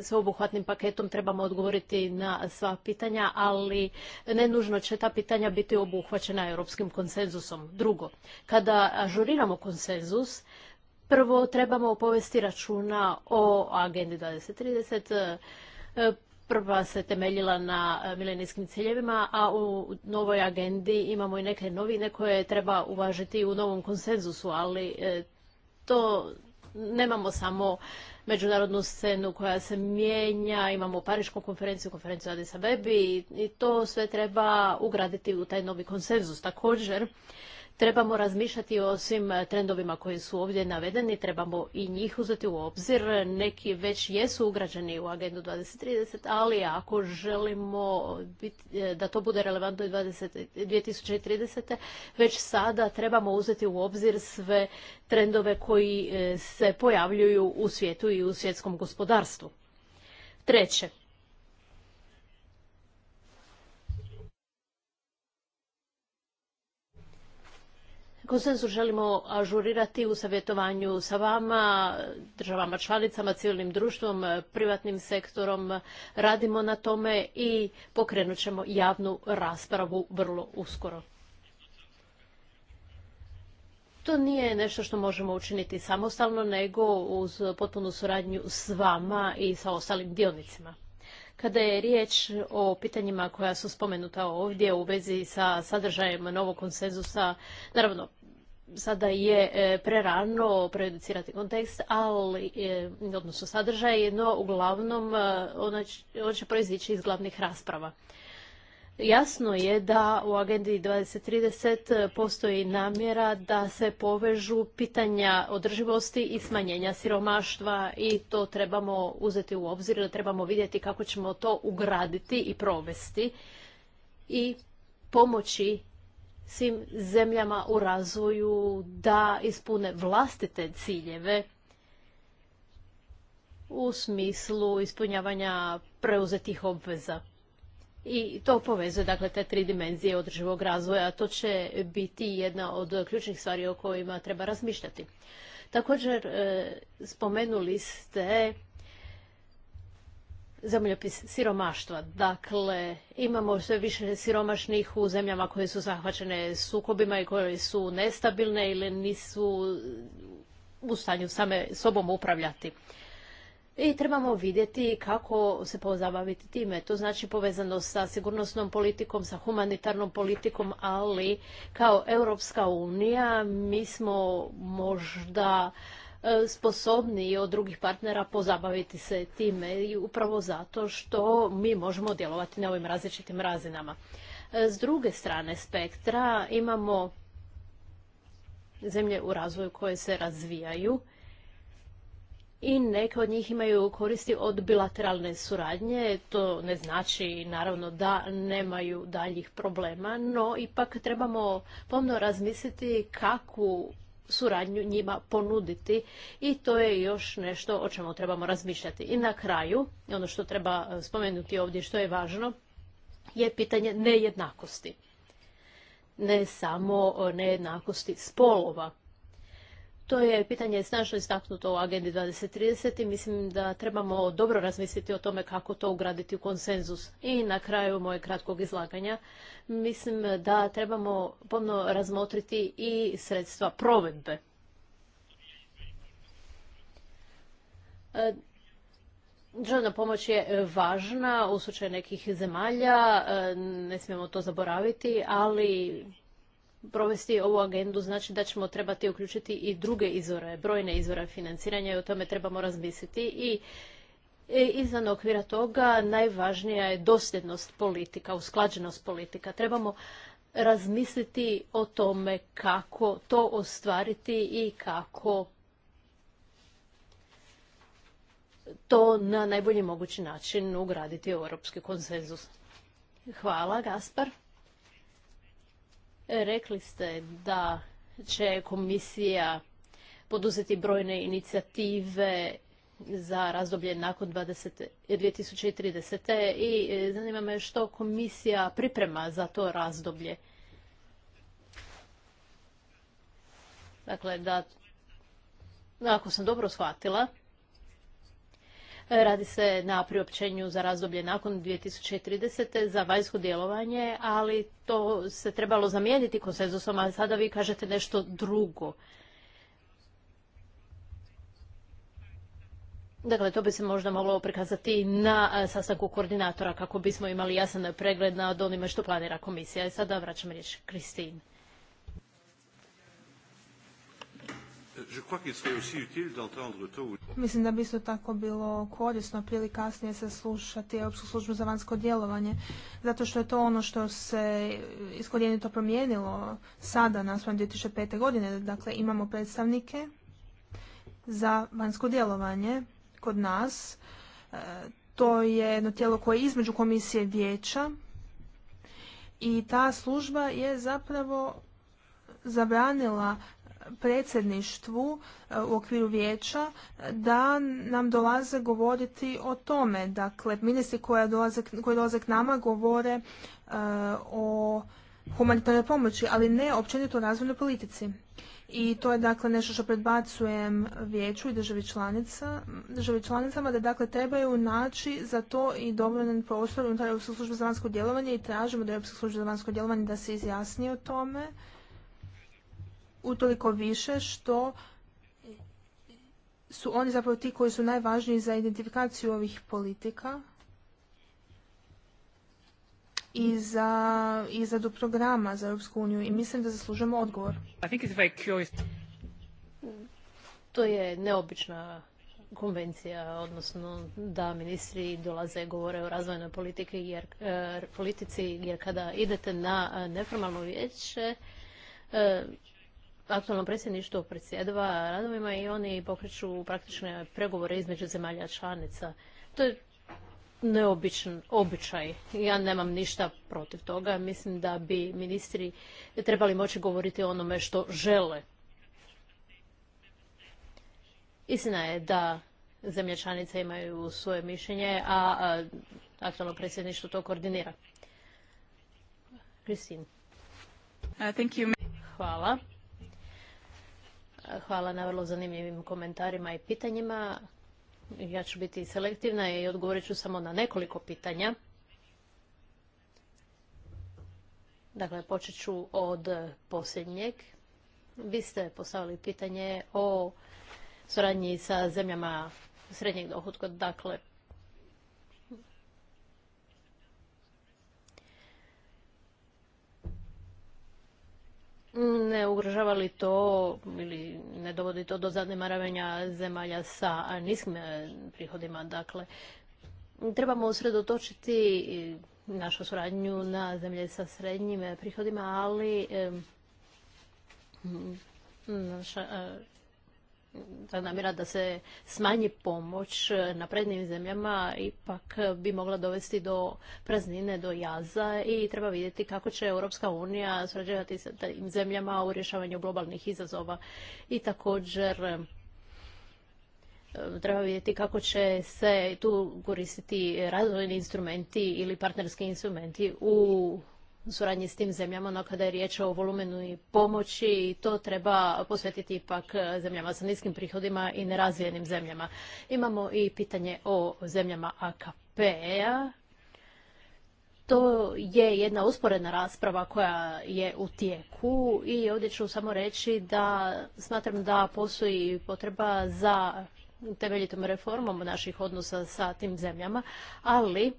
sveobuhvatnim paketom trebamo odgovoriti na sva pitanja, ali ne nužno će ta pitanja biti obuhvaćena europskim konsenzusom. Drugo, kada ažuriramo konsenzus, prvo trebamo povesti računa o agendi 2030, prva se temeljila na milenijskim ciljevima, a u novoj agendi imamo i neke novine koje treba uvažiti u novom konsenzusu, ali e, to nemamo samo međunarodnu scenu koja se mijenja, imamo Parišku konferenciju, konferenciju Adisa Bebi i to sve treba ugraditi u taj novi konsenzus također trebamo razmišljati o svim e, trendovima koji su ovdje navedeni, trebamo i njih uzeti u obzir. Neki već jesu ugrađeni u agendu 2030, ali ako želimo biti, e, da to bude relevantno i 2030. već sada trebamo uzeti u obzir sve trendove koji e, se pojavljuju u svijetu i u svjetskom gospodarstvu. Treće, Konsensus želimo ažurirati u savjetovanju sa vama, državama članicama, civilnim društvom, privatnim sektorom. Radimo na tome i pokrenut ćemo javnu raspravu vrlo uskoro. To nije nešto što možemo učiniti samostalno, nego uz potpunu suradnju s vama i sa ostalim dionicima. Kada je riječ o pitanjima koja su spomenuta ovdje u vezi sa sadržajem novog konsenzusa, naravno, sada je e, prerano prejudicirati kontekst, ali, e, odnosno sadržaj, no uglavnom e, ona će proizići iz glavnih rasprava. Jasno je da u agendi 2030 postoji namjera da se povežu pitanja održivosti i smanjenja siromaštva i to trebamo uzeti u obzir, da trebamo vidjeti kako ćemo to ugraditi i provesti i pomoći svim zemljama u razvoju da ispune vlastite ciljeve u smislu ispunjavanja preuzetih obveza i to povezuje dakle te tri dimenzije održivog razvoja. To će biti jedna od ključnih stvari o kojima treba razmišljati. Također e, spomenuli ste zemljopis siromaštva. Dakle, imamo sve više siromašnih u zemljama koje su zahvaćene sukobima i koje su nestabilne ili nisu u stanju same sobom upravljati i trebamo vidjeti kako se pozabaviti time. To znači povezano sa sigurnosnom politikom, sa humanitarnom politikom, ali kao Europska unija mi smo možda e, sposobni od drugih partnera pozabaviti se time i upravo zato što mi možemo djelovati na ovim različitim razinama. E, s druge strane spektra imamo zemlje u razvoju koje se razvijaju i neke od njih imaju koristi od bilateralne suradnje. To ne znači naravno da nemaju daljih problema, no ipak trebamo pomno razmisliti kakvu suradnju njima ponuditi i to je još nešto o čemu trebamo razmišljati. I na kraju, ono što treba spomenuti ovdje što je važno, je pitanje nejednakosti. Ne samo nejednakosti spolova, to je pitanje snažno istaknuto u agendi 2030 i mislim da trebamo dobro razmisliti o tome kako to ugraditi u konsenzus. I na kraju moje kratkog izlaganja mislim da trebamo pomno razmotriti i sredstva provedbe. E, državna pomoć je važna u slučaju nekih zemalja, e, ne smijemo to zaboraviti, ali provesti ovu agendu znači da ćemo trebati uključiti i druge izvore, brojne izvore financiranja i o tome trebamo razmisliti i e, Izvan okvira toga najvažnija je dosljednost politika, usklađenost politika. Trebamo razmisliti o tome kako to ostvariti i kako to na najbolji mogući način ugraditi u europski konsenzus. Hvala, Gaspar. Rekli ste da će komisija poduzeti brojne inicijative za razdoblje nakon 20, 2030. i e, zanima me što komisija priprema za to razdoblje. Dakle, da, ako sam dobro shvatila, Radi se na priopćenju za razdoblje nakon 2030. za vanjsko djelovanje, ali to se trebalo zamijeniti konsenzusom, a sada vi kažete nešto drugo. Dakle, to bi se možda moglo prikazati na e, sastanku koordinatora kako bismo imali jasan pregled nad onime što planira komisija. I e, sada vraćam riječ Kristin. Mislim da bi isto tako bilo korisno prije kasnije se slušati Europsku službu za vanjsko djelovanje, zato što je to ono što se iskorijenito promijenilo sada na tisuće 2005. godine. Dakle, imamo predstavnike za vanjsko djelovanje kod nas. E, to je jedno tijelo koje je između komisije vijeća i ta služba je zapravo zabranila predsjedništvu e, u okviru vijeća da nam dolaze govoriti o tome. Dakle, ministri koji dolaze, koji k nama govore e, o humanitarnoj pomoći, ali ne općenito o razvojnoj politici. I to je dakle nešto što predbacujem vijeću i državi, članica, državi članicama da dakle trebaju naći za to i dovoljan prostor unutar Europske službe za vanjsko djelovanje i tražimo da Europske službe za vanjsko djelovanje da se izjasni o tome utoliko više što su oni zapravo ti koji su najvažniji za identifikaciju ovih politika i za do programa za Europsku uniju i mislim da zaslužujemo odgovor. To je neobična konvencija, odnosno da ministri dolaze govore o razvojnoj politici jer, e, politici jer kada idete na neformalno vijeće e, aktualno predsjedništvo predsjedava radovima i oni pokreću praktične pregovore između zemalja članica. To je neobičan običaj. Ja nemam ništa protiv toga. Mislim da bi ministri trebali moći govoriti o onome što žele. Istina je da zemlje članice imaju svoje mišljenje, a, aktualno predsjedništvo to koordinira. Uh, Hvala. Hvala na vrlo zanimljivim komentarima i pitanjima. Ja ću biti selektivna i odgovorit ću samo na nekoliko pitanja. Dakle, počet ću od posljednjeg. Vi ste postavili pitanje o suradnji sa zemljama srednjeg dohodka, dakle ne ugrožava li to ili ne dovodi to do zanemaravanja zemalja sa niskim e, prihodima. Dakle, trebamo usredotočiti našu suradnju na zemlje sa srednjim e, prihodima, ali naša e, ta namjera da se smanji pomoć e, naprednim zemljama ipak bi mogla dovesti do praznine, do jaza i treba vidjeti kako će Europska unija surađivati sa tim zemljama u rješavanju globalnih izazova i također e, treba vidjeti kako će se tu koristiti razvojni instrumenti ili partnerski instrumenti u suradnji s tim zemljama, no kada je riječ o volumenu i pomoći to treba posvetiti ipak zemljama sa niskim prihodima i nerazvijenim zemljama. Imamo i pitanje o zemljama AKP-a. To je jedna usporedna rasprava koja je u tijeku i ovdje ću samo reći da smatram da postoji potreba za temeljitom reformom naših odnosa sa tim zemljama, ali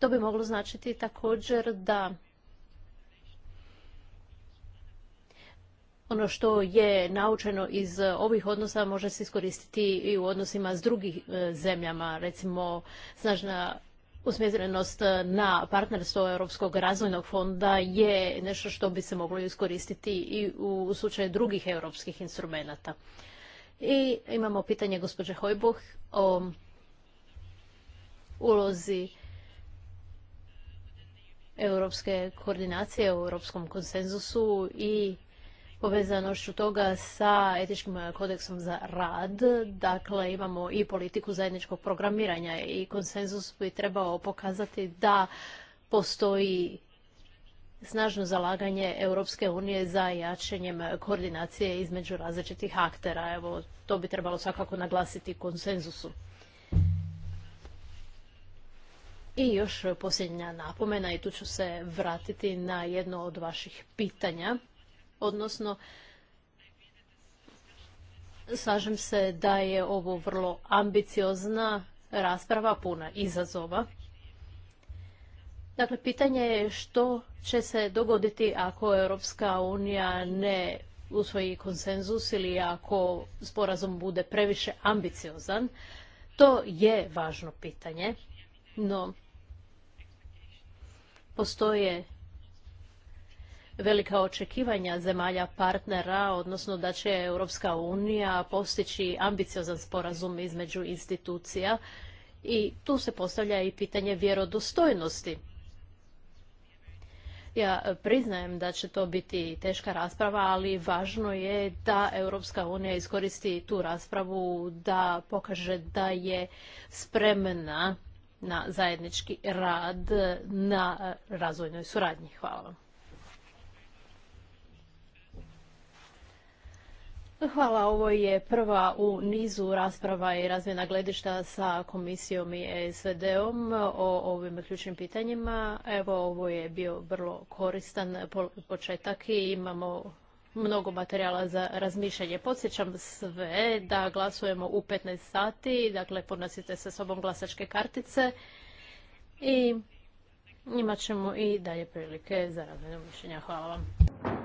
to bi moglo značiti također da ono što je naučeno iz ovih odnosa može se iskoristiti i u odnosima s drugih e, zemljama, recimo snažna usmjerenost na partnerstvo Europskog razvojnog fonda je nešto što bi se moglo iskoristiti i u slučaju drugih europskih instrumenata. I imamo pitanje gospođe Hojbuh o ulozi europske koordinacije u europskom konsenzusu i povezanošću toga sa etičkim kodeksom za rad. Dakle, imamo i politiku zajedničkog programiranja i konsenzus bi trebao pokazati da postoji snažno zalaganje Europske unije za jačenjem koordinacije između različitih aktera. Evo, to bi trebalo svakako naglasiti konsenzusu. I još posljednja napomena i tu ću se vratiti na jedno od vaših pitanja, odnosno slažem se da je ovo vrlo ambiciozna rasprava puna izazova. Dakle, pitanje je što će se dogoditi ako Europska unija ne usvoji konsenzus ili ako sporazum bude previše ambiciozan. To je važno pitanje, no postoje velika očekivanja zemalja partnera, odnosno da će Europska unija postići ambiciozan sporazum između institucija i tu se postavlja i pitanje vjerodostojnosti. Ja priznajem da će to biti teška rasprava, ali važno je da Europska unija iskoristi tu raspravu da pokaže da je spremna na zajednički rad na razvojnoj suradnji. Hvala vam. Hvala, ovo je prva u nizu rasprava i razmjena gledišta sa komisijom i SVD-om o ovim ključnim pitanjima. Evo, ovo je bio vrlo koristan početak i imamo mnogo materijala za razmišljanje. Podsjećam sve da glasujemo u 15 sati, dakle ponosite sa sobom glasačke kartice i imat ćemo i dalje prilike za razmišljanje. Hvala vam.